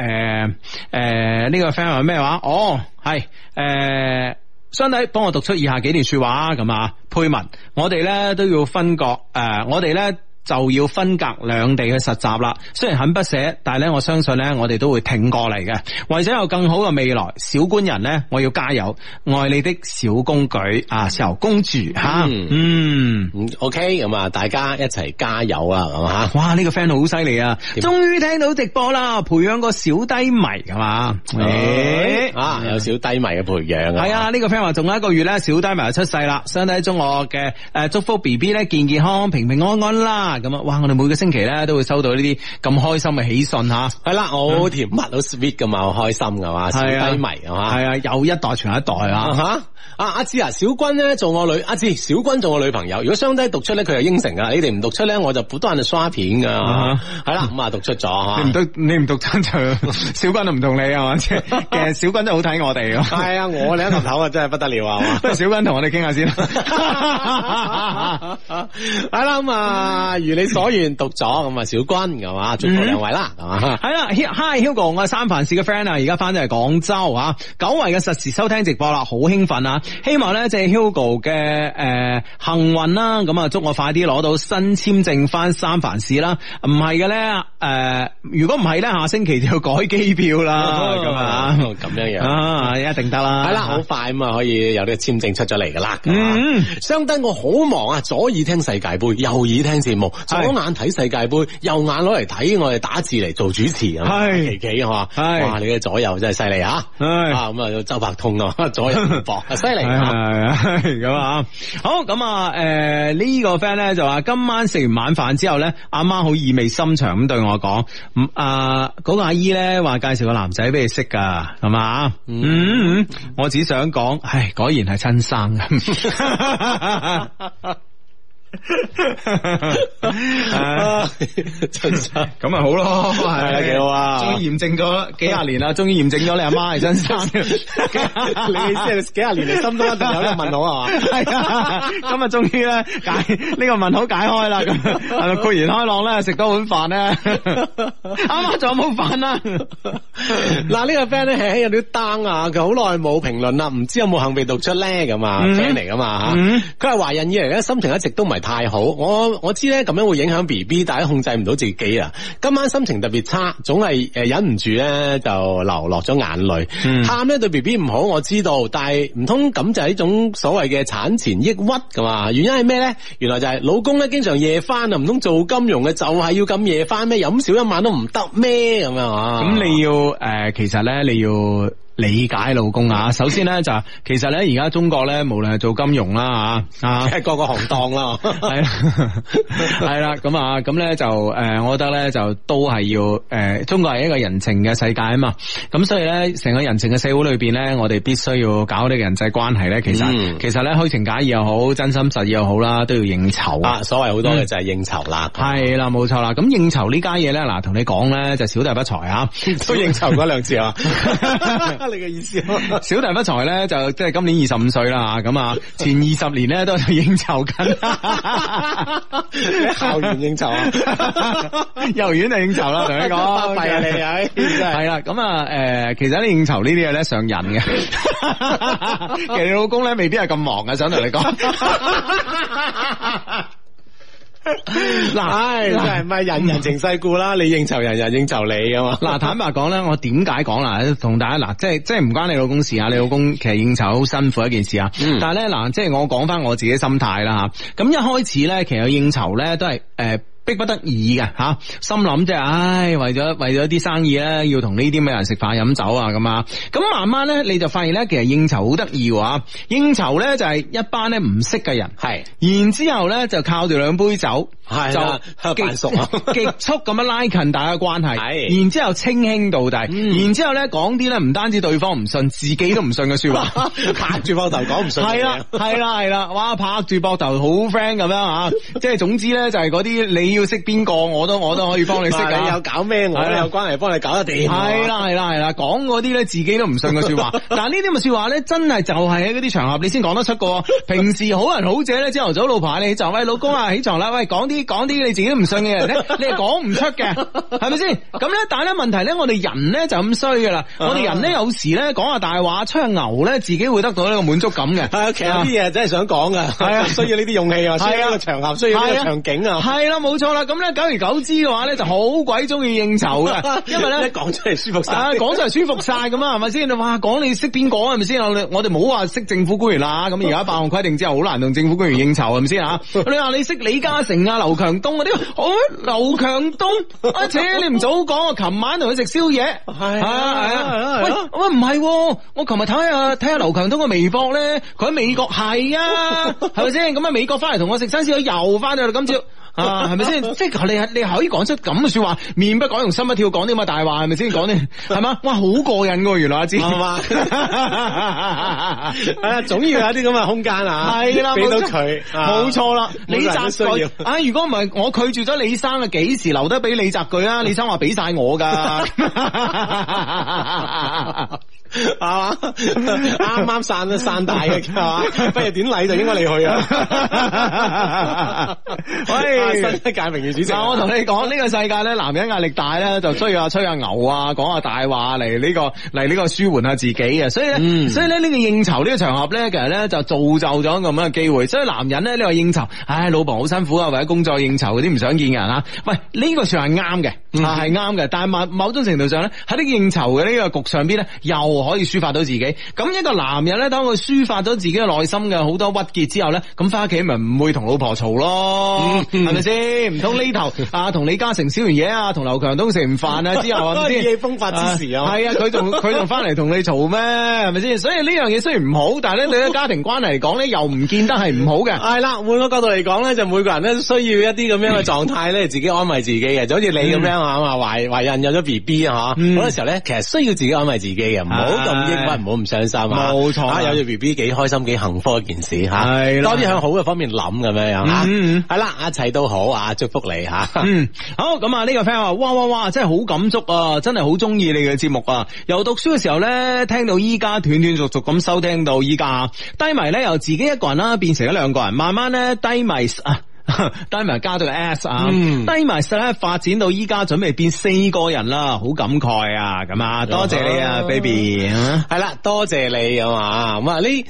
Speaker 1: 誒呢個 friend 係咩話？哦，係誒。呃兄弟，幫我讀出以下幾段說話咁啊，佩文。我哋咧都要分割誒、呃，我哋咧，就要分隔兩地去實習啦，雖然很不捨，但係咧，我相信咧，我哋都會挺過嚟嘅。為咗有更好嘅未來，小官人咧，我要加油，愛你的小公舉啊，小公主？吓、啊，嗯，嗯，OK，咁啊，大家一齊加油啊，啊，哇，呢、這個 friend 好犀利啊，終於聽到直播啦，培養個小低迷係嘛、啊欸？啊，有小低迷嘅培養啊，係啊，呢、啊這個 friend 話仲有一個月咧，小低迷就出世啦，相低中我嘅誒，祝福 B B 咧健健康康、平平安安啦。咁啊！哇！我哋每個星期咧都會收到呢啲咁開心嘅喜訊吓，係啦，我好甜蜜，乜都 sweet 噶嘛，好開心噶嘛，低迷係嘛，係啊，又、啊、一代傳一代啊吓！阿阿芝啊，啊啊啊小軍咧做我女，阿、啊、芝小軍做我女朋友。如果雙低讀出咧，佢又應承啊。你哋唔讀出咧，我就好多人就刷片噶。係啦、啊，咁啊讀出咗吓，你唔讀你唔讀真就小軍都唔同你啊嘛。 [laughs] 其實小軍都好睇我哋。係、哎、啊，我兩頭頭啊真係不得了啊，不如小軍同我哋傾下先。係啦咁啊。啊啊嗯如你所願讀咗，咁啊小軍咁啊，最後兩位啦，係、嗯、嘛，係啦，Hi Hugo 我係，三藩市嘅 friend 啊，而家翻咗嚟廣州啊，久違嘅實時收聽直播啦，好興奮啊！希望咧，借 Hugo 嘅誒、呃、幸運啦，咁啊，祝我快啲攞到新簽證翻三藩市啦！唔係嘅咧，誒、呃，如果唔係咧，下星期就要改機票啦，咁、嗯、樣樣啊，一定得啦，係啦，好快咁啊，可以有呢個簽證出咗嚟噶啦，相、嗯、登我好忙啊，左耳聽世界杯，右耳聽節目。左眼睇世界杯，右眼攞嚟睇我哋打字嚟做主持咁，奇奇吓，哇！你嘅左右真係犀利啊！咁啊，周伯通咯，左右搏，犀 [laughs] 利啊！咁啊，好咁啊，誒，呃這個、呢個 friend 咧就話今晚食完晚飯之後咧，阿媽好意味深長咁對我講，啊、嗯，嗰、呃那個阿姨咧話介紹個男仔俾你識噶，係嘛、嗯？嗯，我只想講，唉，果然係親生。 [laughs] 咁咪好咯。係啊，幾好啊！終於驗證咗幾廿年啦，終於驗證咗你阿媽係真生。你即係幾廿年嚟，心都一定有呢個問號啊嘛。係啊，咁啊，終於咧解呢個問號解開啦。咁，豁然開朗咧，食多碗飯咧。啱啱仲有冇飯啊？嗱，呢個 friend 咧，係有啲 down 啊，佢好耐冇評論啦，唔知有冇幸被讀出咧。咁啊，friend 嚟噶嘛吓。佢係懷孕以嚟咧，心情一直都唔係。太好，我我知咧，咁樣會影響 B B，但係控制唔到自己啊！今晚心情特別差，總係誒忍唔住咧就流落咗眼淚。喊、嗯、咧對 B B 唔好，我知道，但係唔通咁就係呢種所謂嘅產前抑鬱噶嘛？原因係咩咧？原來就係老公咧經常夜翻啊，唔通做金融嘅就係要咁夜翻咩？飲少一晚都唔得咩？咁樣、嗯、啊，咁你要誒、呃，其實咧你要。理解老公啊，首先咧就其實咧而家中國咧，無論係做金融啦，啊啊，即係各個行當啦，係 [laughs] 啦對了，，係 [laughs] 啦，咁啊，咁咧就誒，我覺得咧就都係要誒，中國係一個人情嘅世界啊嘛，咁所以咧，成個人情嘅社會裏邊咧，我哋必須要搞呢個人際關係咧，其實、嗯、其實咧虛情假意又好，真心實意又好啦，都要應酬啊，所謂好多嘅就係應酬啦，係啦冇錯啦，咁應酬呢家嘢咧嗱，同你講咧就小弟不才啊，都應酬嗰兩次啊。 [laughs] 你嘅意思，小弟不才咧，就即、是、係今年二十五歲啦，咁啊，前二十年咧都係應酬緊， [laughs] 校園應酬啊，幼兒園就應酬啦，同 [laughs] 你講，弊啊你，真係啦，咁啊，誒，其實啲應酬呢啲嘢咧上癮嘅， [laughs] 其實你老公咧未必係咁忙啊。想同你講。 [laughs] 嗱，係，嗱，唔係人人情世故啦，你應酬人人應酬你㗎嘛，嗱，坦白講咧，我點解講啦？同大家，嗱，即係即係唔關你老公事啊，你老公其實應酬好辛苦一件事啊，嗯，但係咧，嗱，即係我講翻我自己心態啦吓，咁一開始咧，其實應酬咧都係誒。呃逼不得已嘅吓，心諗啫，唉，為咗為咗啲生意咧，要同呢啲咩人食飯飲酒啊咁啊，咁慢慢咧你就發現咧，其實應酬好得意㗎，應酬咧就係一班咧唔識嘅人，係，然之後咧就靠住兩杯酒，係，就急、啊、速急速咁樣拉近大家關係，係，然之後稱兄道弟。嗯、然之後咧講啲咧唔單止對方唔信，自己都唔信嘅說話， [laughs] 拍住膊頭講唔信的的，係 [laughs] 啦，係啦，係啦，哇，拍住膊頭好 friend 咁樣啊，即係總之咧就係嗰啲你要識邊個我都我都可以幫你識，你有搞咩我、啊、有關係幫你搞得掂。係啦係啦係啦，講嗰啲咧自己都唔信嘅說話， [laughs] 但係呢啲咁嘅說話咧，真係就係喺嗰啲場合你先講得出嘅。 [laughs] 平時好人好姐呢，朝頭早老婆，你就喂老公啊起床啦，喂講啲講啲你自己都唔信嘅嘢咧， [laughs] 你係講唔出嘅，係咪先？咁咧，但係咧問題咧， [laughs] 我哋人咧就咁衰噶啦，我哋人咧有時咧講下大話吹下牛咧，自己會得到呢個滿足感嘅。係 [laughs] 啊，其實啲嘢真係想講噶，係 [laughs] 啊，需要呢啲勇氣啊，需要呢個場合，啊、需要呢個場景 [laughs] 啊，係啦，冇錯。啦咁咧，久而久之嘅話咧就好鬼中意應酬㗎，因為咧講出嚟舒服晒，講、啊、出嚟舒服晒咁啊，係咪先？你話講你識邊個啊？係咪先？我哋冇話識政府官員啦。咁而家法案規定之後，好難同政府官員應酬，係咪先啊？你話你識李嘉誠啊、劉強東嗰啲？哦，劉強東？阿姐，你唔早講，我琴晚同佢食宵夜，係啊係啊，啊，啊。喂，唔係、啊啊啊，我琴日睇下睇下劉強東嘅微博咧，佢喺美國，係啊，係咪先？咁啊，美國翻嚟同我食餐宵，又翻去嚟今朝。 [laughs] 啊，係咪先？即 [laughs] 係你係你可以講出咁嘅說話，面不改容，心不跳，講啲咁嘅大話，係咪先？講啲係嘛？哇，好過癮噶，啊，原來阿志， [laughs] [laughs] 啊。係 [laughs] 嘛？啊，總要有啲咁嘅空間啊。係啦，俾到佢，冇錯啦。李澤钜啊，如果唔係我拒絕咗李生，幾時留得俾李澤钜啊？ [laughs] 李生話俾曬我噶。 [laughs] [laughs] 係嘛？啱 [laughs] 啱散都散大嘅，係嘛？不如典禮就應該你去啊！ [laughs] 喂，介明主席。我同你講，呢、這個世界咧，男人壓力大咧，就需要阿吹阿牛啊，講下大話嚟呢個嚟呢個舒緩下自己啊。所以，嗯、所以咧呢個應酬呢個場合咧，其實咧就造就咗咁樣嘅機會。所以男人咧，呢個應酬，唉、哎，老婆好辛苦啊，或者工作應酬嗰啲唔想見嘅人啊。喂，呢、這個算係啱嘅，係啱嘅。但係某某種程度上咧，喺呢個應酬嘅呢個局上邊咧，又，可以抒發到自己，咁一個男人咧，當佢抒發咗自己嘅內心嘅好多鬱結之後咧，咁翻屋企咪唔會同老婆嘈咯、嗯，係咪先？唔通呢頭啊，同李嘉誠小完嘢啊，同劉強東食完飯啊之後，多意氣風發之時啊，係啊，佢仲佢仲翻嚟同你嘈咩？係咪先？所以呢樣嘢雖然唔好，但係咧你個家庭關係嚟講咧， [laughs] 又唔見得係唔好嘅、啊。係啦，換個角度嚟講咧，就每個人咧需要一啲咁樣嘅狀態咧，自己安慰自己嘅，就好似你咁樣啊嘛，懷懷孕有咗 B B 啊，好多、啊嗯那個、時候咧，其實需要自己安慰自己嘅，啊。好咁，應該唔好唔上心啊！冇、啊、錯，有隻 B B 幾開心幾幸福一件事嚇，係啦，多啲向好嘅方面諗咁樣樣嚇，係啦、嗯嗯，一切都好啊，祝福你嚇、啊嗯。嗯，好，咁啊呢個 friend 話哇哇哇，真係好感觸啊，真係好中意你嘅節目啊！由讀書嘅時候咧聽到依家斷斷續續咁收聽到依家，低迷咧由自己一個人啦，變成咗兩個人，慢慢咧低迷啊。低埋加咗個 S 啊，嗯、低埋 S 咧，發展到依家準備變四個人啦，好感慨啊！咁啊，多謝你啊啊，baby，啊係啦，多謝你啊嘛，咁啊呢誒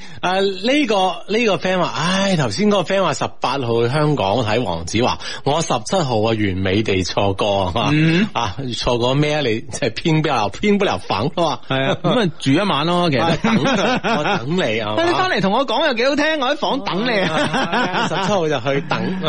Speaker 1: 呢個呢、這個 friend 話，唉，頭先嗰個 friend 話十八號去香港睇黃子華，我十七號啊完美地錯過啊，嗯、啊錯過咩？你即係偏不了偏不了粉係啊，咁啊住一晚咯、啊，其實、啊、等 [laughs] 我等你啊，你翻嚟同我講又幾好聽，我喺房等你啊，十 [laughs] 七號就去等。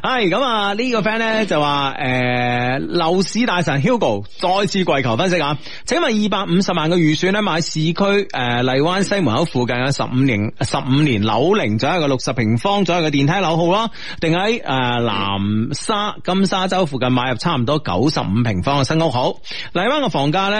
Speaker 1: 係咁啊！呢個 friend 咧就話誒，樓市大神 Hugo 再次跪求分析啊！請問二百五十萬嘅預算咧，買市區誒、呃、荔灣西門口附近嘅十五年十五年樓齡，左右嘅六十平方左右嘅電梯樓號咯，定喺誒南沙金沙洲附近買入差唔多九十五平方嘅新屋好？荔灣嘅房價咧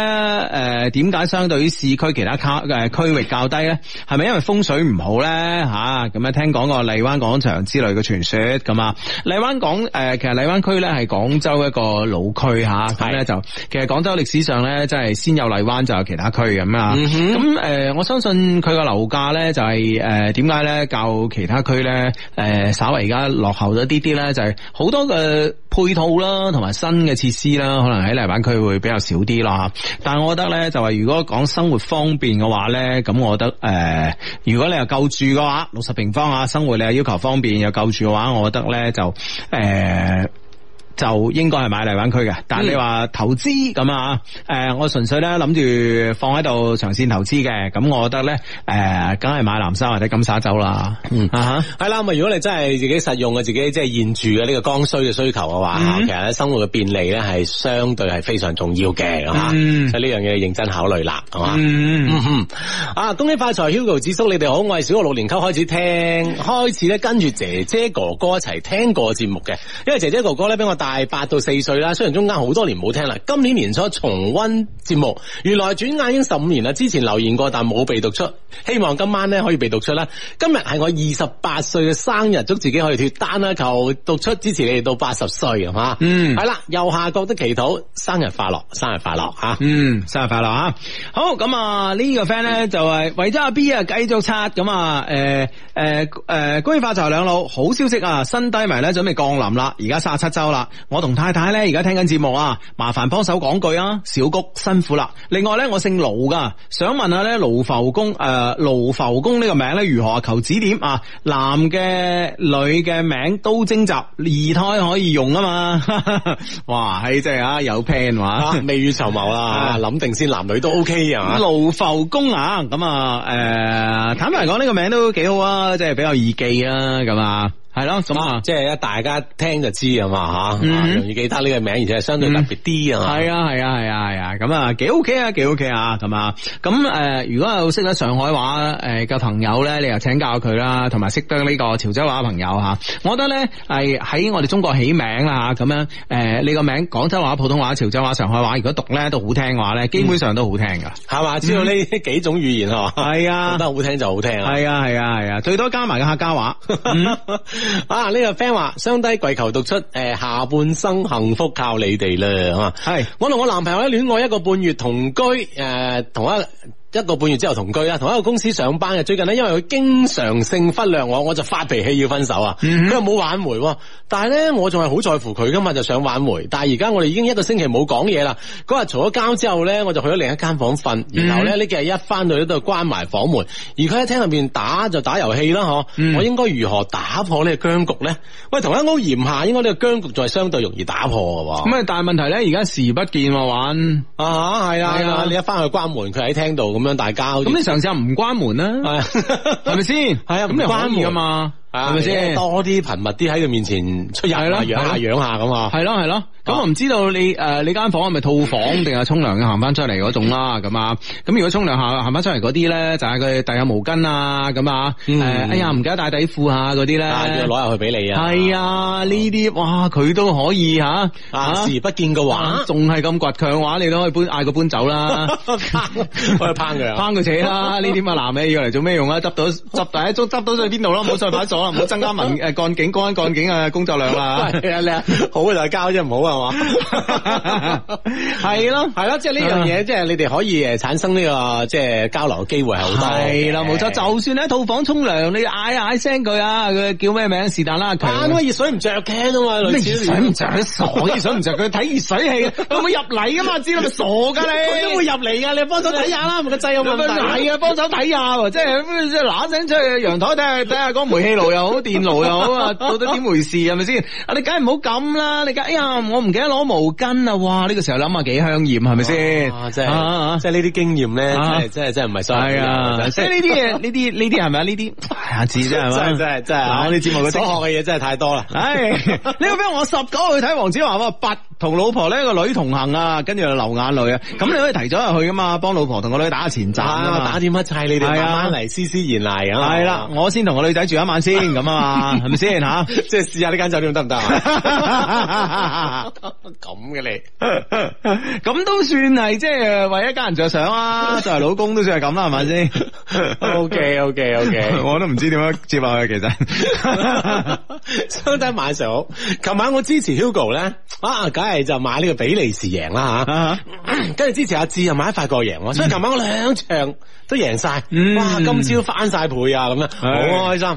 Speaker 1: 誒，點、呃、解相對於市區其他卡誒、呃、區域較低咧？係咪因為風水唔好咧吓？咁啊，聽講過荔灣廣場之類嘅傳說咁啊？荔灣港誒，其實荔灣區咧係廣州一個老區吓，咁咧就其實廣州歷史上咧，即係先有荔灣就有其他區咁啊。咁、嗯、誒、呃，我相信佢個樓價咧就係、是、誒，點解咧較其他區咧誒，稍微而家落後咗啲啲咧，就係、是、好多嘅配套啦，同埋新嘅設施啦，可能喺荔灣區會比較少啲啦吓。但係我覺得咧，就係如果講生活方便嘅話咧，咁我覺得誒、呃，如果你又夠住嘅話，六十平方啊，生活你又要求方便又夠住嘅話，我覺得咧。咧就誒。欸就應該係買荔灣區嘅，但係你話投資咁啊？誒、嗯，我純粹咧諗住放喺度長線投資嘅，咁我覺得咧誒，梗係買南沙或者金沙洲啦。嗯係、uh -huh、啦，咁啊，如果你真係自己實用嘅，自己即係現住嘅呢個剛需嘅需求嘅話，嗯、其實咧生活嘅便利咧係相對係非常重要嘅，咁嘛？嗯，所以呢樣嘢認真考慮啦，係嘛？啊，恭喜發財，Hugo 子叔，你哋好，我係小學六年級開始聽，嗯、開始咧跟住姐姐哥哥一齊聽過節目嘅，因為姐姐哥哥咧俾我大八到四歲啦，雖然中間好多年冇聽啦，今年年初重溫節目，原來轉眼已經十五年啦。之前留言過，但冇被讀出，希望今晚咧可以被讀出啦。今日係我二十八歲嘅生日，祝自己可以脫單啦，求讀出支持你哋到八十歲，啊吓？嗯，係啦，右下角的祈禱，生日快樂，生日快樂、啊、嗯，生日快樂、啊嗯啊、好，咁啊、這個、呢個 friend 咧就係、是、為咗阿 B 啊繼續刷咁啊，誒誒誒，恭喜發財兩老，好消息啊，新低迷咧準備降臨啦，而家卅七週啦。我同太太咧而家聽緊節目啊，麻煩幫手講句啊，小谷辛苦啦。另外咧，我姓盧噶，想問下咧盧浮宮誒，盧浮宮呢個名咧如何求指點啊？男嘅、女嘅名都徵集，二胎可以用啊嘛。 [laughs] 哇，係真係啊，有 plan 話，未雨綢繆啦，諗、啊啊、定先，男女都 OK 啊。盧浮宮啊，咁啊，誒，坦白嚟講呢個名都幾好真啊，即係比較易記啊，咁啊。係咯，咁啊，即係一大家聽就知啊嘛，吓、嗯、容易記得呢個名，而且係相對特別啲啊嘛。係、嗯、啊，係啊，係啊，係啊，咁啊，幾 OK 啊，幾 OK 啊，咁、嗯、啊，咁誒，如果有識得上海話誒嘅朋友咧，你又請教佢啦，同埋識得呢個潮州話嘅朋友吓，我覺得咧係喺我哋中國起名啊，咁樣誒，你個名廣州話、普通話、潮州話、上海話，如果讀咧都好聽嘅話咧，基本上都好聽噶，係、嗯、嘛，知道呢幾種語言係嘛，係、嗯、啊，識得好聽就好聽啊，係啊，係啊，係啊，最多加埋個客家話。嗯 [laughs] 啊！呢、這個 friend 話，雙低跪求讀出，誒，下半生幸福靠你哋啦，係我同我男朋友喺戀愛一個半月同居，誒、呃，同一。一個半月之後同居啦，同一個公司上班嘅。最近咧，因為佢經常性忽略我，我就發脾氣要分手啊。佢又冇挽回，但係咧，我仲係好在乎佢噶嘛，就想挽回。但係而家我哋已經一個星期冇講嘢啦。嗰日吵咗交之後咧，我就去咗另一間房瞓，然後咧，呢幾日、嗯、一翻到呢度關埋房門，而佢喺廳入邊打，就打遊戲啦。嗬、嗯，我應該如何打破呢個僵局咧？喂，同一屋檐下，應該呢個僵局就係相對容易打破嘅。咁但係問題咧，而家視而不見玩，阿尹啊，係啊，是是是，你一翻去關門，佢喺廳度。咁樣，大家咁，你上次唔關門啦，係咪先？係啊，咁 [laughs] 不是 [laughs] 你可以噶嘛。係咪先多啲頻密啲喺佢面前出入養下，養下養下咁啊？係咯，係咯，咁我唔知道你誒，你間房係咪套房定係沖涼行翻出嚟嗰種啦？咁咁如果沖涼下，行翻出嚟嗰啲咧，就係佢遞下毛巾，嗯哎、啊，咁啊，哎呀，唔記得帶底褲啊嗰啲咧，攞入去俾你啊。係啊，呢啲哇，佢都可以吓，視而不見嘅話，仲係咁倔強嘅話，你都可以搬嗌佢搬走啦。 [laughs] 我去抨佢啊，抨佢死啦！呢啲啊男嘅要嚟做咩用啊？執到執第一盅，執到去邊度咯？冇再擺可能唔好增加民誒幹警公安幹警嘅工作量啦。啊，你好就係交啫，唔好係嘛。係咯，係咯，即係呢樣嘢，即係你哋可以誒產生呢個即係交流嘅機會係好大。係啦，冇錯，就算喺套房沖涼，你嗌嗌聲佢啊，佢叫咩名是但啦。啊，咁啊，熱水唔着驚啊嘛。咩熱水唔着？傻！熱水唔着，佢睇熱水器，有冇入嚟噶嘛？知啦，咪傻噶你，有 [laughs] 冇入嚟㗎。你幫手睇下啦，唔係個掣咁大。係啊，幫手睇下，即係即嗱聲出去陽台睇下睇下個煤氣爐。又好，電腦又好啊，到底點回事，係咪先？啊，你梗係唔好咁啦，你梗哎呀，我唔記得攞毛巾啊！哇，呢個時候諗下幾香艷，係咪先？啊，即係即係呢啲經驗咧，真係真係真係唔係衰啊，即係呢啲嘢，呢啲呢啲係咪啊？呢啲下次啫係真係真係，嗱、啊，我哋節目嘅中學嘅嘢真係太多啦。唉、哎，呢 [laughs] 個俾我十九去睇黃子華，八同老婆呢個女同行啊，跟住又流眼淚啊。咁、嗯、你可以提早入去噶嘛，幫老婆同個女打前站啊，啊，打點乜掣你哋慢慢嚟，思思然嚟啊。係啦，我先同個女仔住一晚先。先 [laughs] 咁啊嘛，係咪先吓？即係試下呢間酒店得唔得啊？咁 [laughs] 嘅你，咁都算係即係為一家人着想啊。作為老公都算係咁啦，係咪先？OK OK OK，我都唔知點樣接落去，其實 [laughs] 買，相當晚上好，琴晚我支持 Hugo 咧，啊，梗係就買呢個比利時贏啦吓。跟 [laughs] 住、啊、支持阿志又買法國贏，所以琴晚我兩場，都贏晒，嗯，哇！今朝翻晒倍啊，咁樣好開心啊！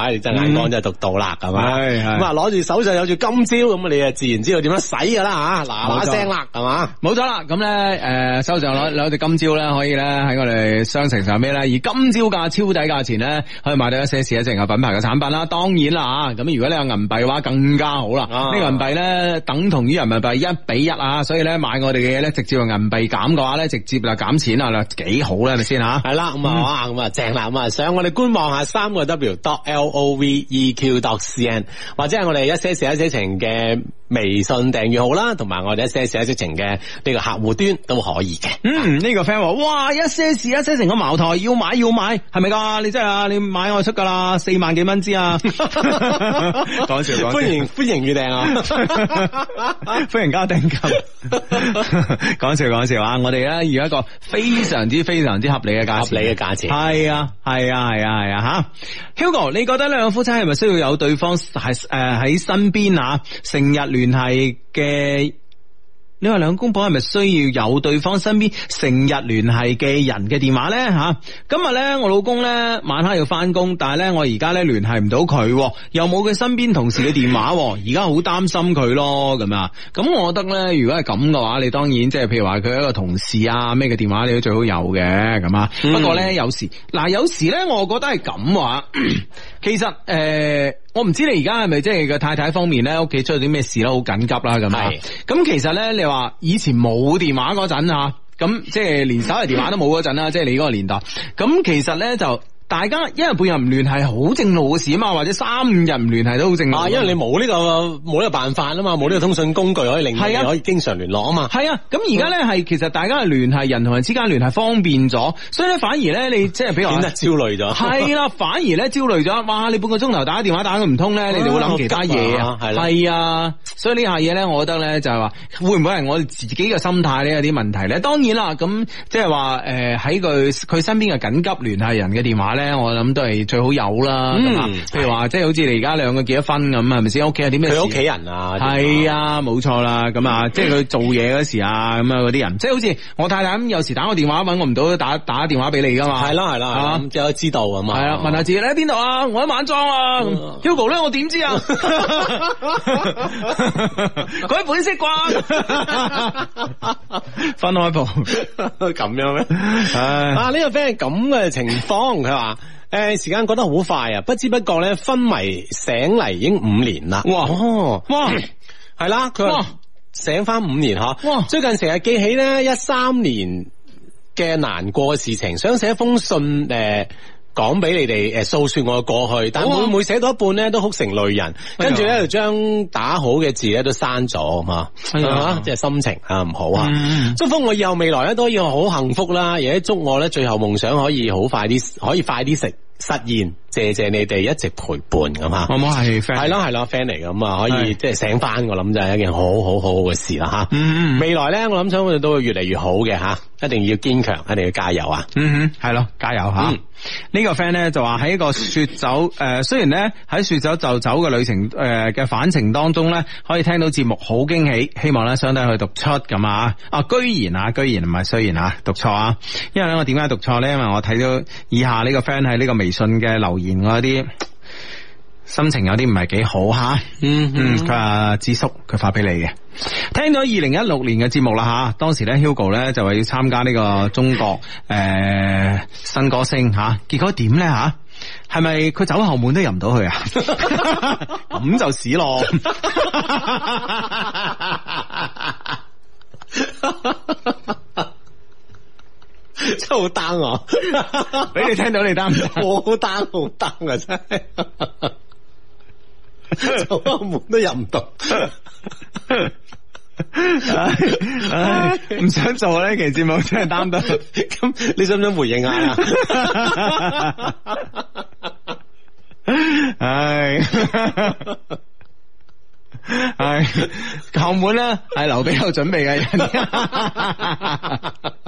Speaker 1: 唉，你真眼光真係獨到啦，係、嗯、嘛？咁啊，攞住手上有住今朝咁你啊自然知道點樣使噶啦吓，嗱嗱聲啦，係嘛？冇咗啦，咁咧誒，手、呃、上攞攞住今朝咧，可以咧喺我哋商城上邊咧，而今朝價超低價錢咧，可以買到一些市一正嘅品牌嘅產品啦。當然啦吓，咁如果你有銀幣嘅話，更加好啦。啊呢個、幣呢銀幣咧等同於人民幣一比一啊，所以咧買我哋嘅嘢咧，直接用銀幣減嘅話咧，直接就減錢啊，嗱，幾好咧，係咪先吓？係、啊、啦，咁啊哇，咁、嗯、啊、嗯、正啦咁啊，上我哋觀望下三個 w dot l o v e q dot c n 或者係我哋一,一,一些事一些情嘅微信訂閱號啦，同埋我哋一些事一些情嘅呢個客戶端都可以嘅。嗯，呢、啊這個 friend 哇，一些事一些情嘅茅台要買要買，係咪噶？你真係啊你買我出噶啦，四萬幾蚊支啊！講, [laughs] [laughs] 笑，笑，歡迎 [laughs] 歡迎預訂啊！ [laughs] 歡迎加定金。講笑講笑啊！我哋咧要一個非常之非常之合理。合理嘅價錢，係啊係啊係啊係啊吓、啊啊，Hugo，你覺得兩個夫妻係咪需要有對方係誒喺身邊啊，成日聯繫嘅？你話兩公婆係咪需要有對方身邊成日聯繫嘅人嘅電話呢？吓、啊？今日呢，我老公呢晚黑要翻工，但係呢，我而家呢聯繫唔到佢，又冇佢身邊同事嘅電話，而家好擔心佢咯咁啊！咁我覺得呢，如果係咁嘅話，你當然即係譬如話佢一個同事啊咩嘅電話，你都最好有嘅咁啊。嗯、不過呢，有時嗱，有時呢，我覺得係咁話。 [coughs] 其實誒、呃，我唔知你而家係咪即係個太太方面咧，屋企出咗啲咩事啦，好緊急啦咁，咁其實咧，你話以前冇電話嗰陣啊，咁即係連手提電話都冇嗰陣啦，即係你嗰個年代。咁其實咧就。大家一日半日唔聯繫好正路嘅事啊嘛，或者三五日唔聯繫都好正路嘅事嘛啊，因為你冇呢、呢個冇呢個辦法啊嘛，冇呢個通訊工具可以令到、啊、可以經常聯絡啊嘛。係啊，咁而家咧係其實大家嘅聯繫人同人之間聯繫方便咗，所以咧反而咧你即係譬如話變得焦慮咗，係啦、啊，反而咧焦慮咗，哇！你半個鐘頭打電話打佢唔通咧、啊，你哋會諗其他嘢啊，係啊，啊，啊，所以呢下嘢咧，我覺得咧就係、是、話會唔會係我自己嘅心態呢？有啲問題咧？當然啦，咁即係話誒喺佢佢身邊嘅緊急聯繫人嘅電話咧。我諗都係最好有啦。嗯，譬如話，即係好似你而家兩個結咗婚咁，係咪先？屋企係點咩事？佢屋企人啊，係啊，冇錯啦。咁啊，即係佢做嘢嗰時啊，咁啊嗰啲人，即係好似我太太有時打我電話搵我唔到打，打打電話俾你噶嘛。係啦係啦，咁即係知道啊嘛。係啊，問下自己你喺邊度啊？我喺晚莊啊。Hugo 咧，我點知啊？佢本色啩？ [laughs] [laughs] [laughs] 分開部咁 [laughs] 樣咩？唉，啊呢個 friend 咁嘅情況，佢話。誒，時間過得好快啊！不知不覺咧，昏迷醒嚟已經五年啦。哇，哦、哇，係啦，佢醒翻五年吓，哇，最近成日記起咧一三年嘅難過嘅事情，想寫一封信誒。呃講俾你哋誒訴說我嘅過去，但每會唔會寫到一半咧都哭成淚人，跟住咧就將打好嘅字咧都刪咗、哎、啊嘛，係即係心情啊唔好啊、嗯，祝福我以後未來咧都可以好幸福啦，而且祝我咧最後夢想可以好快啲，可以快啲食實現。謝謝你哋一直陪伴咁啊，我我係 friend，係咯係咯 friend 嚟，咁啊，可以即係醒翻我諗就係一件好好好好嘅事啦吓。嗯嗯，未來咧我諗想，想我哋都會越嚟越好嘅吓，一定要堅強，一定要加油啊。嗯哼，係咯，加油吓。呢、嗯啊這個 friend 咧就話喺一個說走誒， [laughs] 雖然咧喺說走就走嘅旅程誒嘅返程當中咧，可以聽到節目好驚喜，希望咧相對去讀出咁啊啊，居然啊居然唔係雖然吓、啊、讀錯啊，因為咧我點解讀錯咧？因為我睇到以下呢個 friend 喺呢個微信嘅留言。然我有啲心情有啲唔係幾好吓，嗯嗯，佢阿智叔佢發俾你嘅，聽到二零一六年嘅節目啦吓，當時咧 Hugo 咧就話要參加呢個中國誒、呃、新歌星吓，結果點咧吓，係咪佢走後門都入唔到去啊？咁 [laughs] [laughs] 就屎咯。 [laughs] [laughs] 真係好 down 啊！俾 [laughs] 你聽到你 down 到好 down，好 down 啊！真係，就 [laughs] 個門都入唔、 [laughs] 哎哎、到，唉， [laughs] 唔想做呢期節目真係 down 到，咁你想唔想回應下、 [laughs] [laughs] 哎哎、門啊？唉，唉，夠滿啦，係留俾有準備嘅人。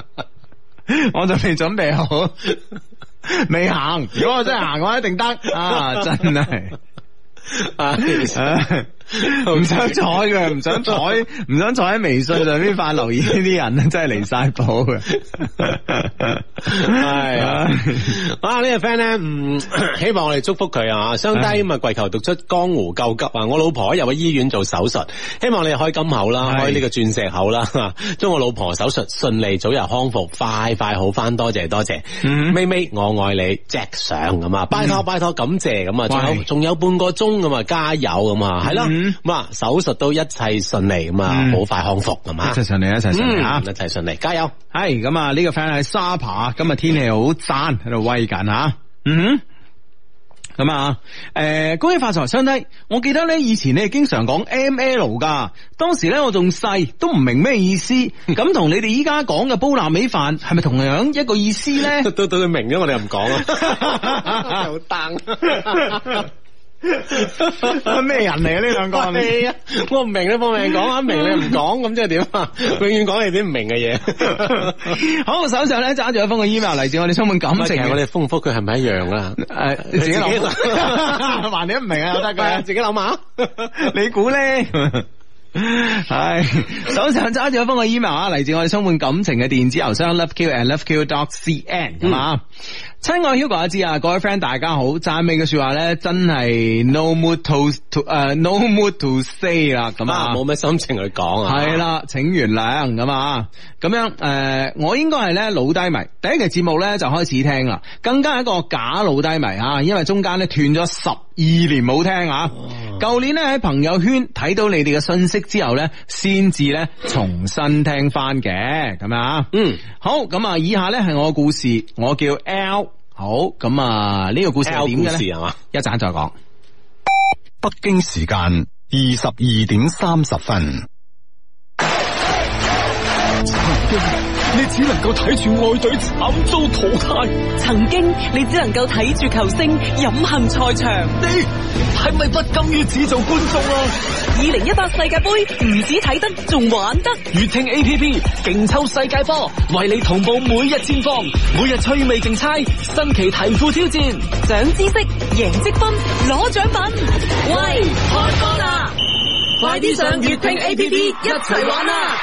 Speaker 1: [laughs] 我仲未準備好，未行。如果我真係行嘅話，我一定得啊！真係啊！.唔想睬嘅，唔想睬，唔想睬喺微信上邊發留言呢啲人真係離晒譜嘅。係 [laughs] 啊，啊，啊、這個、呢個 friend 咧，唔、嗯、希望我哋祝福佢啊，相低咁啊，跪求讀出江湖救急啊！我老婆又去醫院做手術，希望你開金口啦，開呢個鑽石口啦，祝、啊、我老婆手術順利，早日康復，快快好翻，多謝多謝。妹妹、嗯，我愛你，Jack 相咁啊，拜託拜託，感謝咁啊，仲有仲有半個鐘咁啊，加油咁啊，係啦。嗯，咁啊手術都一切順利，咁啊好快康復係嘛，一切順利，一切順利啊、嗯，一切順利,利,利，加油！係咁啊呢個 friend 係沙扒，今日天氣好讚，喺度威緊吓、啊，嗯哼，咁啊誒恭喜發財相低，我記得咧以前你經常講 M L 噶，當時咧我仲細都唔明咩意思，咁 [laughs] 同你哋依家講嘅煲臘味飯係咪同樣一個意思咧？ [laughs] 都對對，明咗我哋又唔講啊，
Speaker 2: 好登。
Speaker 1: 咩 [laughs] 人嚟啊？呢兩個，我唔明你放命講啊，不明你唔講咁即係點啊？永遠講你啲唔明嘅嘢。 [laughs] 好，我手上咧揸住一封嘅 email 嚟自我哋充滿感情。不我哋覆唔覆佢係咪一樣啦？誒、啊，自己諗，橫你唔 [laughs] 明啊，得噶，自己諗下。 [laughs] 你估咧？係手上揸住一封嘅 email 啊，嚟自我哋充滿感情嘅電子郵箱 loveq and loveq.cn m 啊。 [laughs] 是親愛 Hugo 阿之啊，各位 friend 大家好，讚美嘅說話咧真係 no mood to 誒、uh, no mood to say 啦，咁啊冇咩心情去講啊，係啦，請原諒咁啊，咁樣誒、呃，我應該係咧老低迷，第一期節目咧就開始聽啦，更加係一個假老低迷啊，因為中間咧斷咗十二年冇聽啊，舊年咧喺朋友圈睇到你哋嘅信息之後咧，先至咧重新聽翻嘅，咁啊，嗯好，咁啊以下咧係我嘅故事，我叫 L。好，咁啊，呢個故事係點嘅咧？係、欸、嘛，一陣再講。北京時間二十二點三十分。你只能夠睇住外隊慘遭淘汰，曾經你只能夠睇住球星飲恨賽場。你係咪不，不甘於只做觀眾啊？二零一八世界杯唔止睇得，仲玩得。月聽 A P P 勁抽世界波，為你同步每日戰況、每日趣味競猜、新奇題庫挑戰，漲知識、贏積分、攞獎品。喂，喂開波啦！快啲上月聽 A P P 一齊玩啦！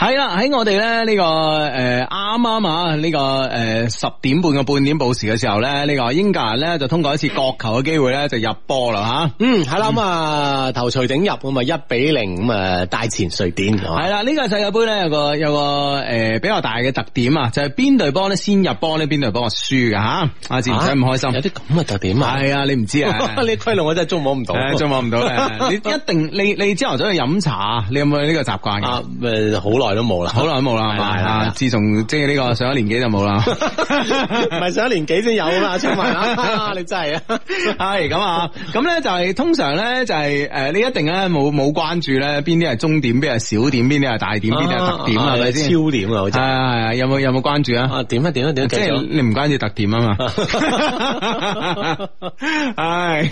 Speaker 1: 係啦，喺我哋咧呢個誒啱啱啊呢個誒、呃、十點半嘅半點報時嘅時候咧，呢、這個英格蘭咧就通過一次角球嘅機會咧就入波啦吓，嗯係啦咁啊頭錘頂入咁啊一比零咁啊大前瑞典，係啦呢個世界杯咧有個有個誒比較大嘅特、就是啊、特點啊，就係邊隊幫呢，先入波呢，邊隊幫係輸噶吓，阿自然唔開心，有啲咁嘅特點啊，係 [laughs] 啊你唔知啊，呢啲規律我真係捉摸唔到，捉摸唔到，你一定你你朝頭早去飲茶，你有冇呢個習慣嘅？啊，好、呃、耐。都冇啦，好耐都冇啦，係啊，啊，啊，啊，啊，啊！自從即係呢個上一年紀就冇啦，唔 [laughs] 係上一年紀先有啦，出埋啊！你真係的啊，係咁啊，咁咧就係、是、通常咧就係、是、誒，你一定咧冇冇關注咧邊啲係中點，邊係小點，邊啲係大點，邊啲係特點，係咪先？啊啊啊啊、超點啊，好，係係啊，有冇有冇關注啊？點啊點啊點，即係、就是、你唔關注特點 [laughs] 啊嘛？係